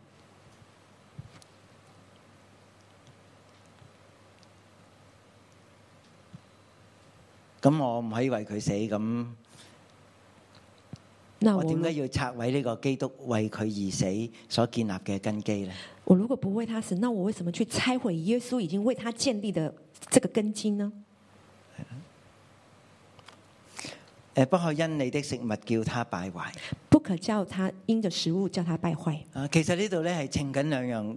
咁我唔可以為佢死咁。那我點解要拆毀呢個基督為佢而死所建立嘅根基呢？我如果不為他死，那我為什麼去拆毀耶穌已經為他建立的這個根基呢？誒，不可因你的食物叫他敗壞，不可叫他因着食物叫他敗壞。啊，其實呢度咧係稱緊兩樣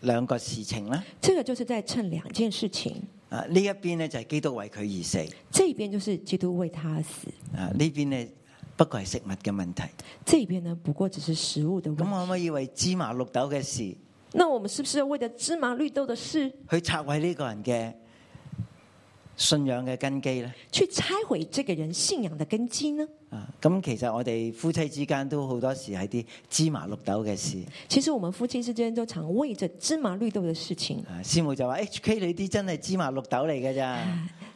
兩個事情啦。呢個就是在趁兩件事情。啊，呢一邊呢就係基督為佢而死，這邊就是基督為他而死。啊，呢邊呢邊咧。不過係食物嘅問題，呢邊呢不過只是食物嘅問題。咁可唔可以為芝麻綠豆嘅事？那我們是不是要為咗芝麻綠豆嘅事去拆毀呢個人嘅信仰嘅根基呢？去拆毀這個人信仰嘅根，根基呢？啊，咁其實我哋夫妻之間都好多時係啲芝麻綠豆嘅事。其實我們夫妻之間都常為着芝麻綠豆嘅事情。啊，師母就話：HK，你啲真係芝麻綠豆嚟噶咋？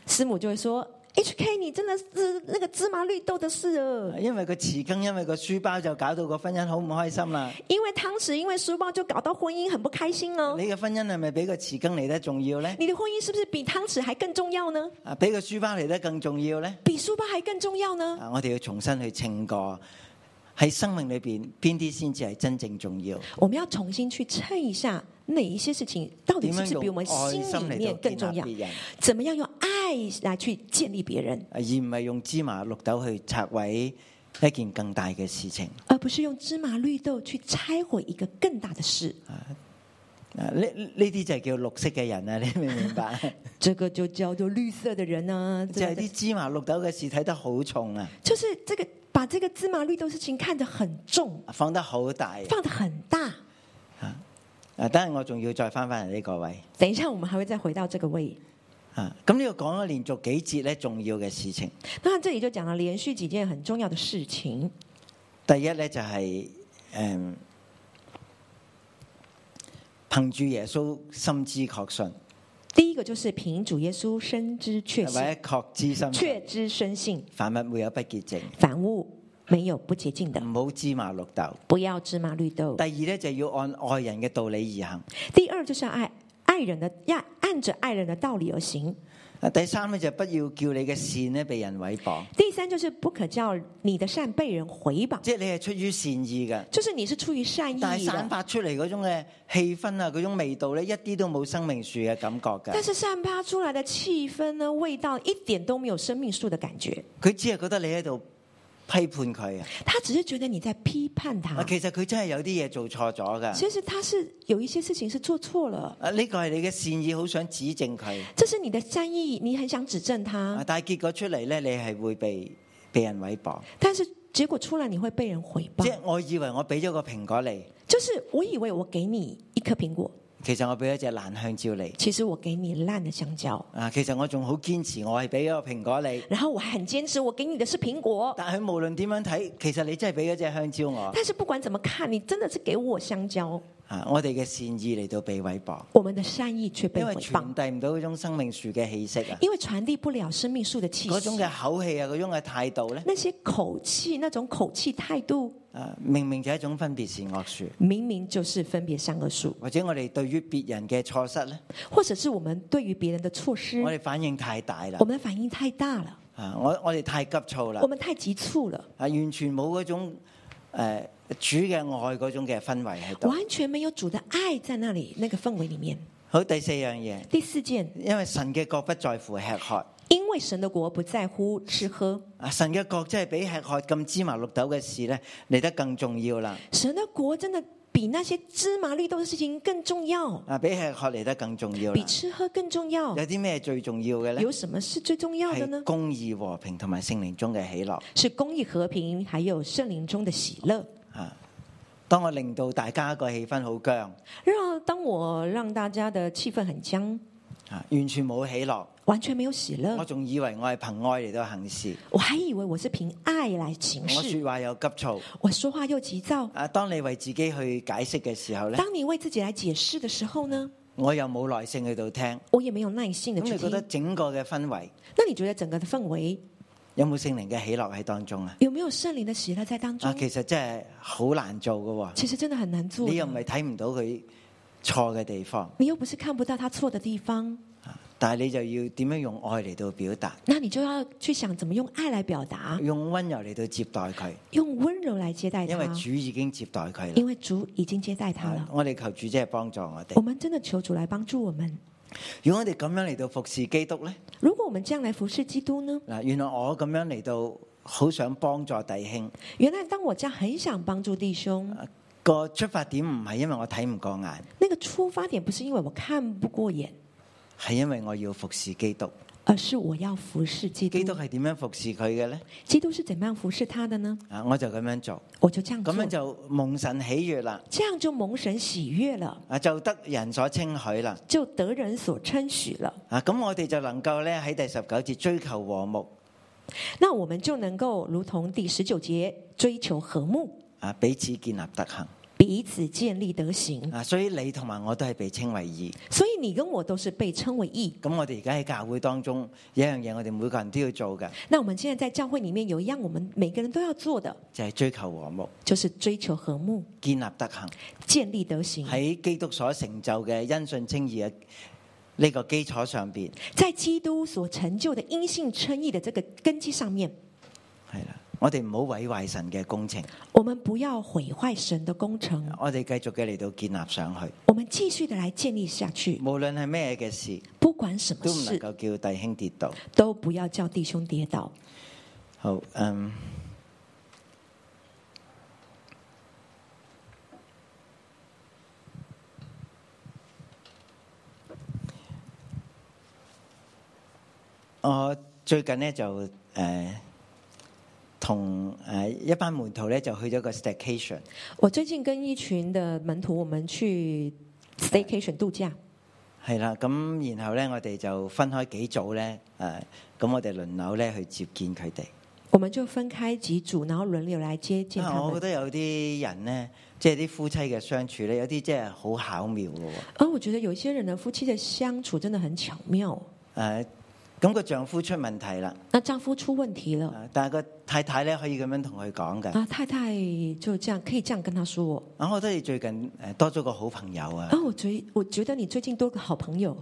師母就會說。HK，你真的是那個芝麻綠豆的事啊！因為個匙羹，因為個書包就搞到個婚姻好唔開心啦。因為湯匙，因為書包就搞到婚姻很不開心哦。你嘅婚姻係咪比個匙羹嚟得重要咧？你的婚姻是不是比湯匙還更重要呢？啊，比個書包嚟得更重要咧？比書包還更重要呢？我哋要重新去稱過喺生命裏邊，邊啲先至係真正重要。我們要重新去稱一下。哪一些事情到底是不是比我們心裏面更重要？怎麼樣用愛來去建立別人？而唔係用芝麻綠豆去拆毀一件更大嘅事情。而不是用芝麻綠豆去拆毀一個更大的事。啊，呢呢啲就係叫綠色嘅人啊，你明唔明白？ 這個就叫做綠色的人啊，就係啲芝麻綠豆嘅事睇得好重啊。就是這個，把這個芝麻綠豆事情看得很重，放得好大啊，放得很大。啊！等下我仲要再翻翻嚟呢個位。等一下，我們還會再回到這個位。啊！咁呢度講咗連續幾節咧重要嘅事情。當然，這裡就講到連續幾件很重要的事情。第一咧就係、是，嗯，憑住耶穌深知確信。第一個就是憑主耶穌深知確信，確知深確知深信，凡物沒有不潔淨，凡物。沒有不潔淨的，唔好芝麻綠豆，不要芝麻綠豆。第二咧就要按愛人嘅道理而行。第二就是要愛愛人的，要按着愛人的道理而行。第三咧就不要叫你嘅善咧被人毀謗。第三就是不可叫你的善被人毀謗。即係你係出於善意嘅，就是你是出於善意，但係散發出嚟嗰種嘅氣氛啊，嗰種味道咧，一啲都冇生命樹嘅感覺嘅。但是散發出來嘅氣氛、啊、呢氣氛、啊，味道一點都沒有生命樹嘅感覺。佢只係覺得你喺度批判佢，他只是覺得你在批判他。其實佢真係有啲嘢做錯咗嘅。其實他是有一些事情是做錯了。呢個係你嘅善意，好想指正佢。即是你的善意，你很想指正他。但係結果出嚟呢，你係會被被人毀謗。但是結果出來，你會被人回報。即係我以為我俾咗個蘋果你，就是我以為我給你一顆蘋果。其實我俾咗一隻爛香蕉你。其實我給你爛的香蕉。啊，其實我仲好堅持，我係俾咗個蘋果你。然後我還很堅持，我給你的是蘋果。但係無論點樣睇，其實你真係俾咗隻香蕉我。但是不管怎麼看，你真的是給我香蕉。啊！我哋嘅善意嚟到被毀謗，我們嘅善意卻被毀謗。因為傳遞唔到嗰種生命樹嘅氣息啊，因為傳遞不了生命樹嘅氣息，嗰種嘅口氣啊，嗰種嘅態度咧，那些口氣，那種口氣態度。啊，明明就係一種分別善惡樹，明明就是分別善惡樹。或者我哋對於別人嘅錯失咧，或者是我們對於別人嘅措施，我哋反應太大啦，我們反應太大啦，啊，我我哋太急躁啦，我們太急促了，啊，完全冇嗰種誒。呃主嘅愛嗰種嘅氛圍喺度，完全沒有主的愛在那裡，那個氛圍裡面。好，第四樣嘢。第四件，因為神嘅國不在乎吃喝。因為神的國不在乎吃喝。啊，神嘅國真係比吃喝咁芝麻綠豆嘅事呢嚟得更重要啦。神的國真的比那些芝麻綠豆嘅事情更重要。啊，比吃喝嚟得更重要。比吃喝更重要。有啲咩最重要嘅咧？有什麼是最重要嘅呢？公義和平同埋聖靈中嘅喜樂。是公義和平，還有聖靈中嘅喜樂。當我令到大家個氣氛好僵，然後當我讓大家的氣氛很僵，啊，完全冇喜樂，完全沒有喜樂，我仲以為我係憑愛嚟到行事，我還以為我是憑愛嚟行事，我說話又急躁，我說話又急躁。啊，當你為自己去解釋嘅時候咧，當你為自己來解釋嘅時候呢，我又冇耐性去到聽，我也沒有耐性的去聽。你覺得整個嘅氛圍？那你覺得整個的氛圍？有冇聖靈嘅喜樂喺當中啊？有冇有聖靈嘅喜樂喺當中？啊，其實真係好難做噶。其實真的很難做。你又唔係睇唔到佢錯嘅地方。你又唔是看不到他錯嘅地方。但係你就要點樣用愛嚟到表達？那你就要去想，怎麼用愛嚟表達？用溫柔嚟到接待佢。用溫柔嚟接待他。因為主已經接待佢。因為主已經接待他了。我哋求主真係幫助我哋。我們真的求主來幫助我們。如果我哋咁樣嚟到服侍基督呢？如果我們將來服侍基督呢？嗱，原來我咁樣嚟到，好想幫助弟兄。原來當我這樣很想幫助弟兄，個出發點唔係因為我睇唔過眼，那個出發點不是因為我看不過眼，係因為我要服侍基督。而是我要服侍基督。基督係點樣服侍佢嘅呢？基督是點樣服侍他的呢？啊，我就咁樣做，我就這樣做。咁樣就蒙神喜悅啦。這樣就蒙神喜悅了。啊，就得人所稱許啦，就得人所稱許了。啊，咁我哋就能夠咧喺第十九節追求和睦。那我們就能夠如同第十九節追求和睦。啊，彼此建立德行。彼此建立德行啊！所以你同埋我都係被稱為義，所以你跟我都是被稱為義。咁我哋而家喺教會當中，有一樣嘢我哋每個人都要做嘅。那我們現在在教會裏面有一樣，我們每個人都要做的，就係、是、追求和睦，就是追求和睦，建立德行，建立德行喺基督所成就嘅因信稱義嘅呢個基礎上邊，在基督所成就的因信稱義的這個根基上面，係啦。我哋唔好毀壞神嘅工程。我們不要毀壞神嘅工程。我哋繼續嘅嚟到建立上去。我們繼續嘅嚟建立下去。無論係咩嘅事，不管什麼事，都唔能夠叫弟兄跌倒，都不要叫弟兄跌倒。好，嗯，我最近呢就誒。呃同誒一班門徒咧就去咗個 staycation。我最近跟一群嘅門徒，我們去 staycation、啊、度假。係啦，咁然後咧，我哋就分開幾組咧，誒、啊，咁我哋輪流咧去接見佢哋。我們就分開幾組，然後輪流嚟接見。我覺得有啲人咧，即係啲夫妻嘅相處咧，有啲即係好巧妙嘅。啊，我覺得有一些，、就是些，啊、些人的夫妻嘅相處真的很巧妙。誒、啊。咁個丈夫出問題啦，那丈夫出問題啦，但係個太太咧可以咁樣同佢講嘅。啊，太太，就這樣可以這樣跟佢講。啊，他我覺得你最近誒多咗個好朋友啊。啊，我覺，我覺得你最近多個好朋友。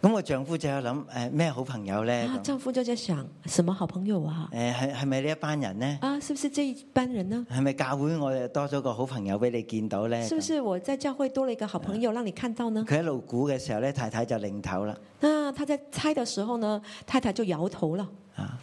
咁我丈夫就有諗，誒、呃、咩好朋友咧？啊，丈夫就在想，什麼好朋友啊？誒係係咪呢一班人呢？啊，是不是這一班人呢？係咪教會我多咗個好朋友俾你見到咧？是不是我在教會多了一個好朋友讓你看到呢？佢一路估嘅時候咧，太太就擰頭啦。那他在猜的時候呢，太太就搖頭了。啊。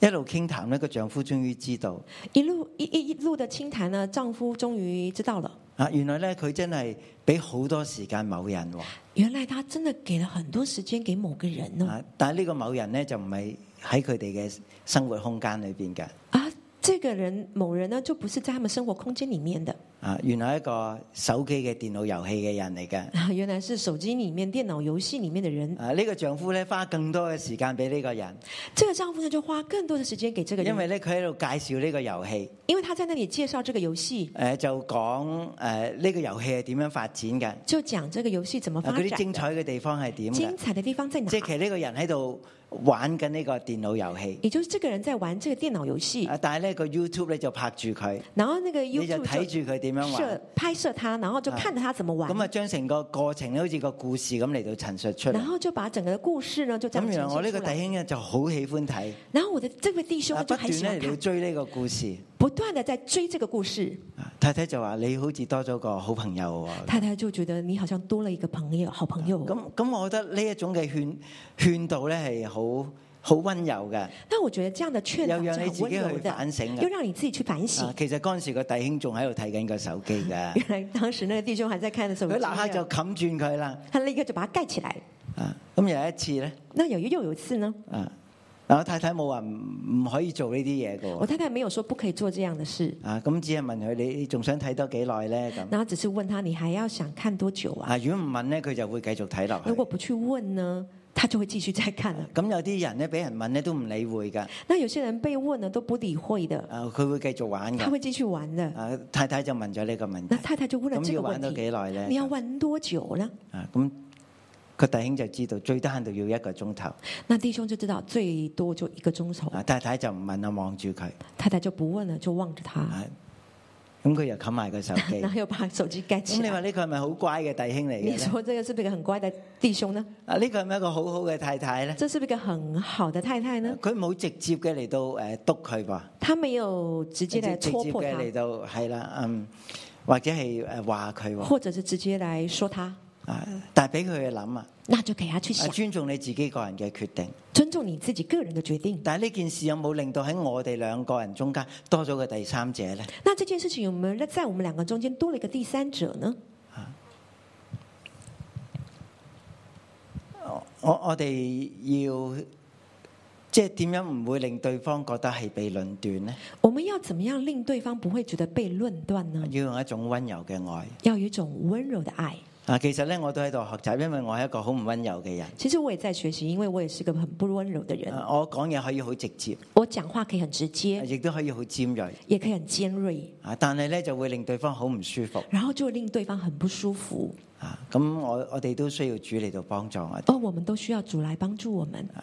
一路傾談呢個丈夫終於知道。一路一一一路的傾談呢，丈夫終於知道了。啊，原來呢，佢真係俾好多時間某人。原來他真的給了很多時間給某個人咯。哦。但係呢個某人呢，就唔係喺佢哋嘅生活空間裏邊嘅。啊，這個人某人呢就不是在他們生活空間裏面的。啊，原來一個手機嘅電腦遊戲嘅人嚟㗎。啊，原來是手機裏面電腦遊戲裏面的人。啊，呢個丈夫咧花更多嘅時間俾呢個人，這個丈夫呢就花更多的時間給這個人，因為咧佢喺度介紹呢個遊戲，因為他在那裏介紹這個遊戲，誒、呃、就講誒呢、呃這個遊戲係點樣發展嘅，就講這個遊戲怎麼發展的，嗰、啊、啲精彩嘅地方係點，精彩嘅地方在哪？即係其實呢個人喺度玩緊呢個電腦遊戲，也就是這個人在玩這個電腦遊戲。啊，但係呢、這個 YouTube 咧就拍住佢，然後呢個 YouTube 就睇住佢拍攝拍攝他，然後就看着他怎麼玩。咁啊，將成個過程咧，好似個故事咁嚟到陳述出嚟。然後就把整個故事呢，就咁。原來我呢個弟兄呢就好喜歡睇。然後我的這位、個、弟兄就很喜歡睇。不斷咧要追呢個故事。不斷地在追這個故事。太太就話：你好似多咗個好朋友啊！太太就覺得你好像多了一個朋友，好朋友。咁、啊、咁，我覺得呢一種嘅勸勸導咧，係好。好溫柔噶，但係我覺得這樣的勸導就溫柔的，要讓，讓你自己去反省。啊、其實嗰時個弟兄仲喺度睇緊個手機噶，原來當時那個弟兄還在看嘅時候，佢立刻就冚住佢啦，佢立刻就把它蓋起來。啊，咁、嗯、有一次咧，那有又有一次呢。啊，嗱，我太太冇話唔可以做呢啲嘢嘅，我太太沒有說不可以做這樣嘅事。啊，咁、嗯、只係問佢，你仲想睇多幾耐咧？咁，然後只是問他，你還要想看多久啊？啊，如果唔問咧，佢就會繼續睇落去。如果不去問呢？他就會繼續再看啦。咁有啲人咧，俾人問咧都唔理會噶。那有些人被問呢，都不理會的。啊，佢會繼續玩噶。他會繼續玩的。啊，太太就問咗呢個問題。那太太就問咗這個問題。要玩到幾耐咧？你要玩多久呢？啊，咁個弟兄就知道最低限度要一個鐘頭。那弟兄就知道最多就一個鐘頭。啊，太太就唔問啊，望住佢。太太就不問了，就望住他。啊。咁、嗯、佢又冚埋個手機，然後又把手機夾住。咁你話呢個係咪好乖嘅弟兄嚟？你說這個係咪一個很乖嘅弟，弟兄呢？啊，呢、這個係咪一個好好嘅太太咧？即是不是一個很好的太太呢？佢冇、啊、直接嘅嚟到誒督佢吧。佢冇直接嚟直接嘅嚟到係啦，嗯，或者係誒話佢，或者是直接嚟說他。但係俾佢去諗啊，那就給他去想。尊重你自己個人嘅決定，尊重你自己個人嘅決定。但係呢件事有冇令到喺我哋兩個人中間多咗個第三者呢？那這件事情有冇在我們兩個中間多了一個第三者呢？啊，我我哋要即係點樣唔會令對方覺得係被論斷呢？我們要怎麼樣令對方不會覺得被論斷呢？要用一種溫柔嘅愛，要有一種溫柔的愛。啊，其實咧我都喺度學習，因為我係一個好唔溫柔嘅人。其實我也在學習，因為我也是個很不温柔嘅人。我講嘢可以好直接，我講話可以很直接，亦都可以好尖銳，也可以很尖銳。啊，但係咧就會令對方好唔舒服，然後就會令對方很不舒服。啊，咁我我哋都需要主嚟到幫助我哋。哦，我們都需要主來幫助我們。我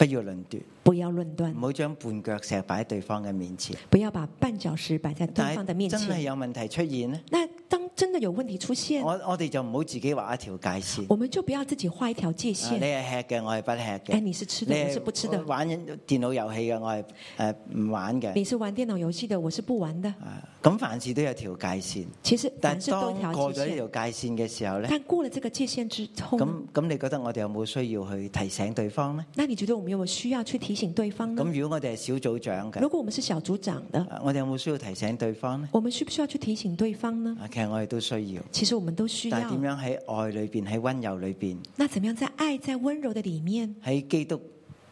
們要我們啊、不要論斷。不要論斷，唔好將絆腳石擺喺對方嘅面前。不要把絆腳石擺在對方的面前。真係有問題出現呢？那當真的有問題出現，我我哋就唔好自己畫一條界線。我們就不要自己畫一條界線。你係吃嘅，我係不吃嘅。你是吃的是，我是不吃的。玩電腦遊戲嘅，我係誒唔玩嘅。你是玩電腦遊戲的，我是、啊、不玩的。咁、啊、凡事都有條界線。其實凡事條界線，但當過咗呢條界線嘅時候咧，但過了這個界線之後，咁咁你覺得我哋有冇需要去提醒對方呢？那你覺得我們有冇需要去提？提醒對方。咁如果我哋係小組長嘅，如果我們是小組長的，啊、我哋有冇需要提醒對方呢？我們需不需要去提醒對方呢？其實我哋都需要。其實我們都需要。但係點樣喺愛裏邊喺溫柔裏邊？那怎麼樣在愛在溫柔的裡面？喺基督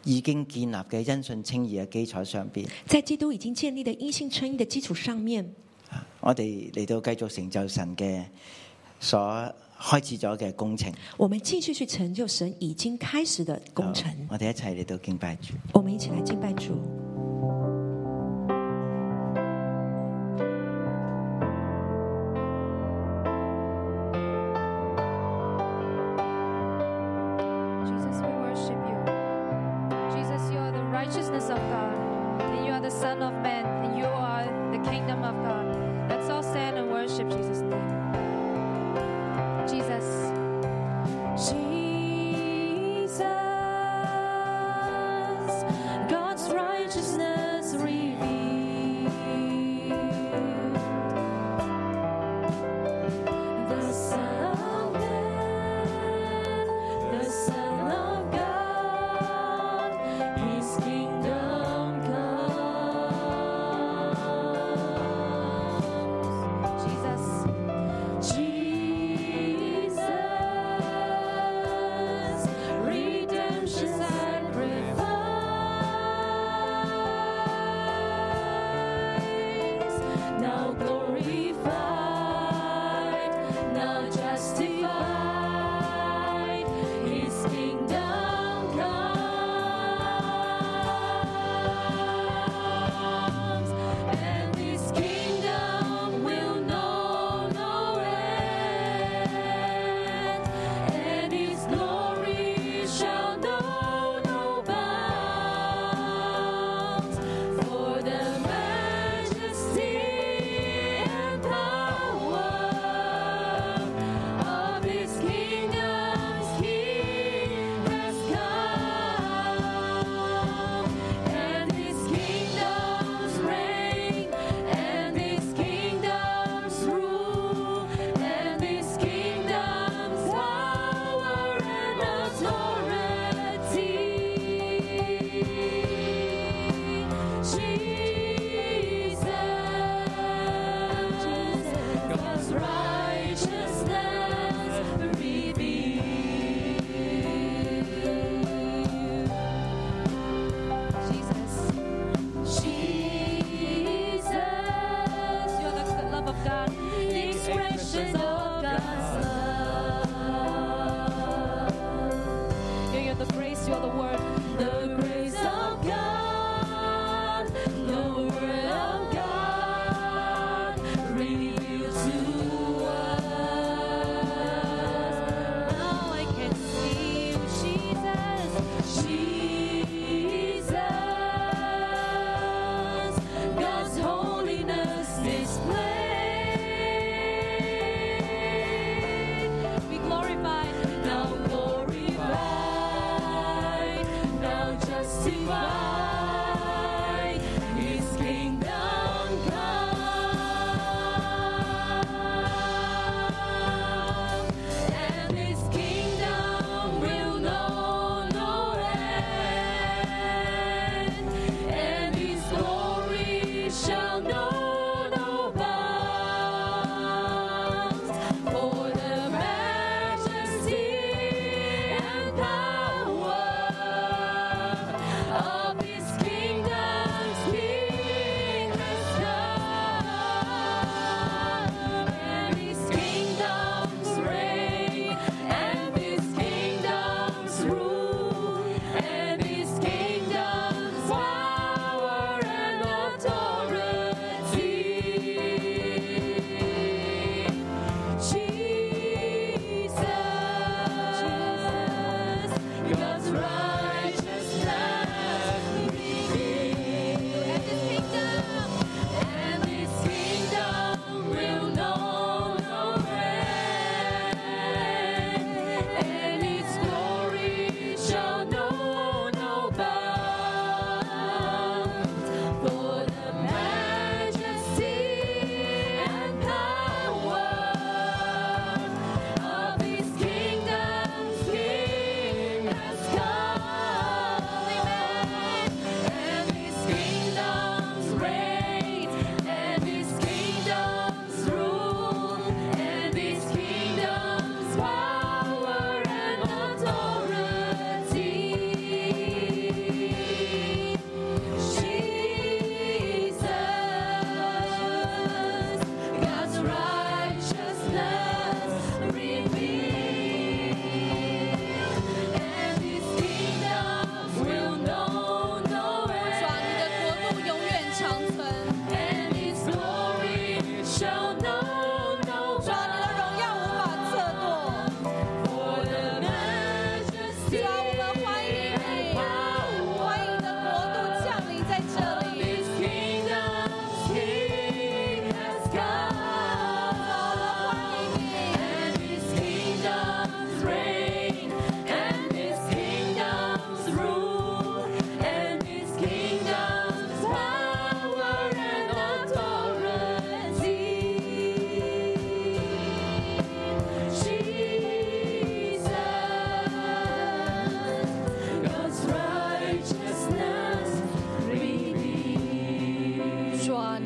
已經建立嘅因信稱義嘅基礎上邊，在基督已經建立的因信稱義的基礎上面，我哋嚟到繼續成就神嘅所。開始咗嘅工程，我們繼續去成就神已經開始的工程。我哋一齊嚟到敬拜主。我們一起來敬拜主。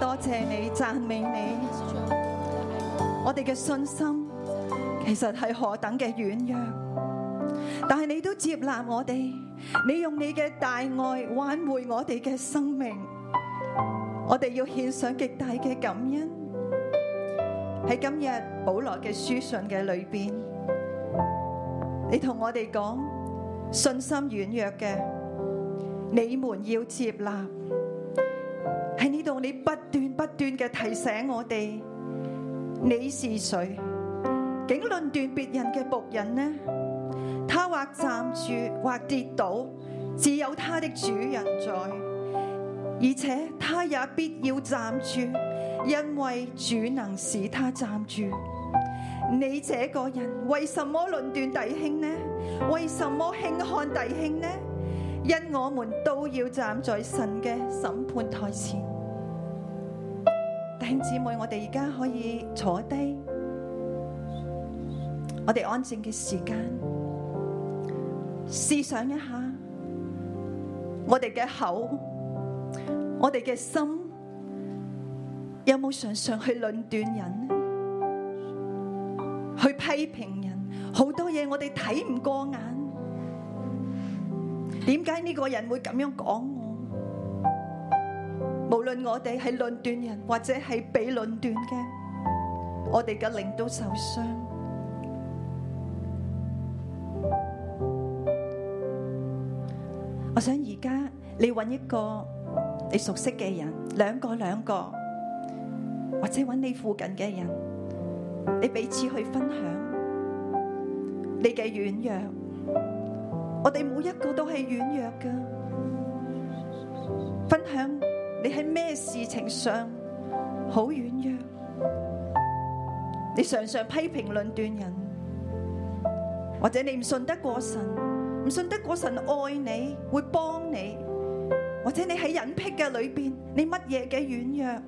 多謝你，讚美你，我哋嘅信心其實係何等嘅軟弱，但係你都接納我哋，你用你嘅大愛挽回我哋嘅生命，我哋要獻上極大嘅感恩。喺今日保羅嘅書信嘅裏邊，你同我哋講信心軟弱嘅，你們要接納。你不斷不斷嘅提醒我哋，你是誰，竟論斷別人嘅僕人呢？他或站住，或跌倒，自有他的主人在，而且他也必要站住，因為主能使他站住。你這個人為什麼論斷弟兄呢？為什麼輕看弟兄呢？因我們都要站在神嘅審判臺前。弟兄姊妹，我哋而家可以坐低，我哋安靜嘅時間，試想一下，我哋嘅口，我哋嘅心，有冇常常去論斷人，去批評人？好多嘢我哋睇唔過眼，點解呢個人會咁樣講？無論我哋係論斷人，或者係被論斷嘅，我哋嘅靈都受傷。我想而家你揾一個你熟悉嘅人，兩個兩個，或者揾你附近嘅人，你彼此去分享你嘅軟弱。我哋每一個都係軟弱㗎，分享。你喺咩事情上好軟弱？你常常批評論斷人，或者你唔信得過神，唔信得過神愛你會幫你，或者你喺隱蔽嘅裏邊，你乜嘢嘅軟弱？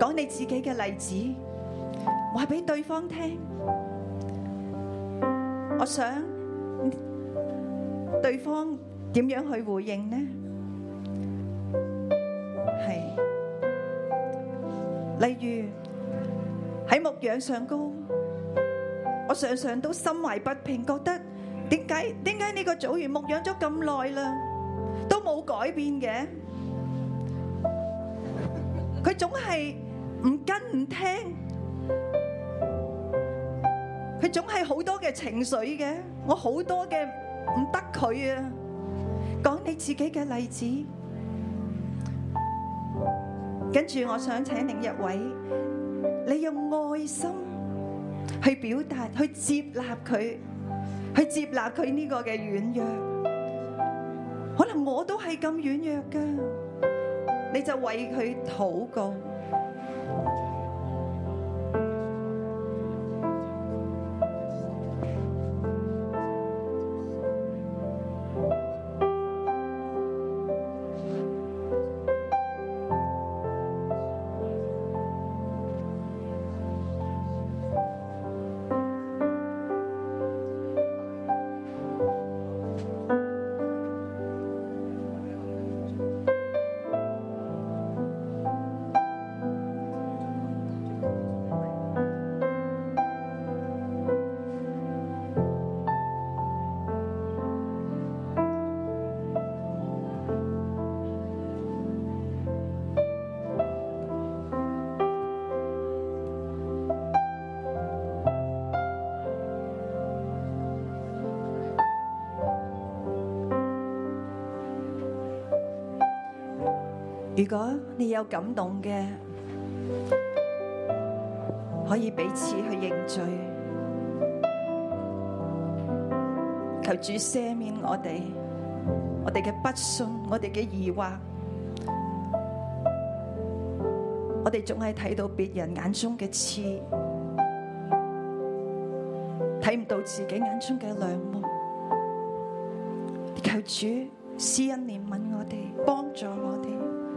講你自己嘅例子，話俾對方聽。我想對方點樣去回應呢？例如喺牧養上高，我常常都心懷不平，覺得點解點解呢個組員牧養咗咁耐啦，都冇改變嘅，佢總係唔跟唔聽，佢總係好多嘅情緒嘅，我好多嘅唔得佢啊，講你自己嘅例子。跟住，我想請另一位，你用愛心去表達，去接納佢，去接納佢呢個嘅軟弱。可能我都係咁軟弱㗎，你就為佢禱告。如果你有感動嘅，可以彼此去認罪，求主赦免我哋，我哋嘅不信，我哋嘅疑惑，我哋仲係睇到別人眼中嘅刺，睇唔到自己眼中嘅梁木，求主施恩憐憫我哋，幫助我哋。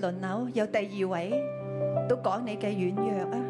輪流有第二位都講你嘅軟弱啊！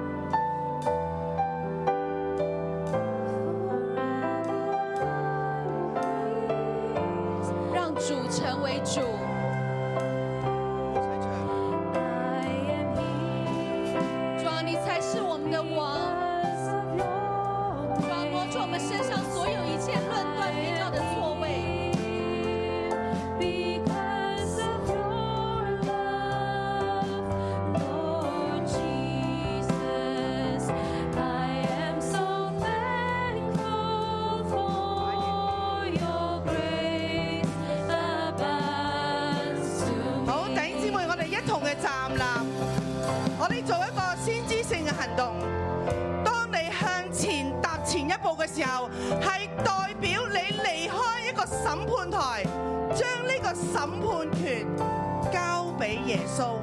耶穌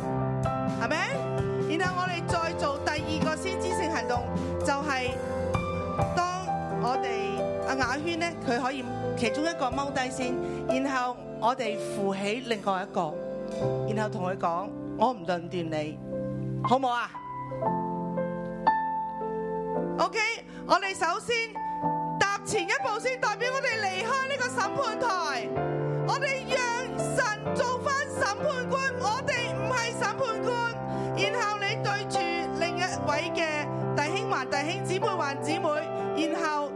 係咪？然後我哋再做第二個先知性行動，就係、是、當我哋阿雅軒咧，佢、啊、可以其中一個踎低先，然後我哋扶起另外一個，然後同佢講：我唔論斷你，好唔好啊？OK，我哋首先踏前一步先，代表我哋離開呢個審判台。我哋讓神做翻審判官，我哋唔係審判官。然後你對住另一位嘅弟兄還弟兄，姊妹還姊妹，然後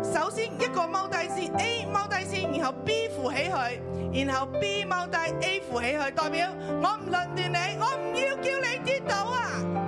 首先一個踎低先，A 踎低先，然後 B 扶起佢，然後 B 踎低 A 扶起佢，代表我唔論斷你，我唔要叫你跌倒啊！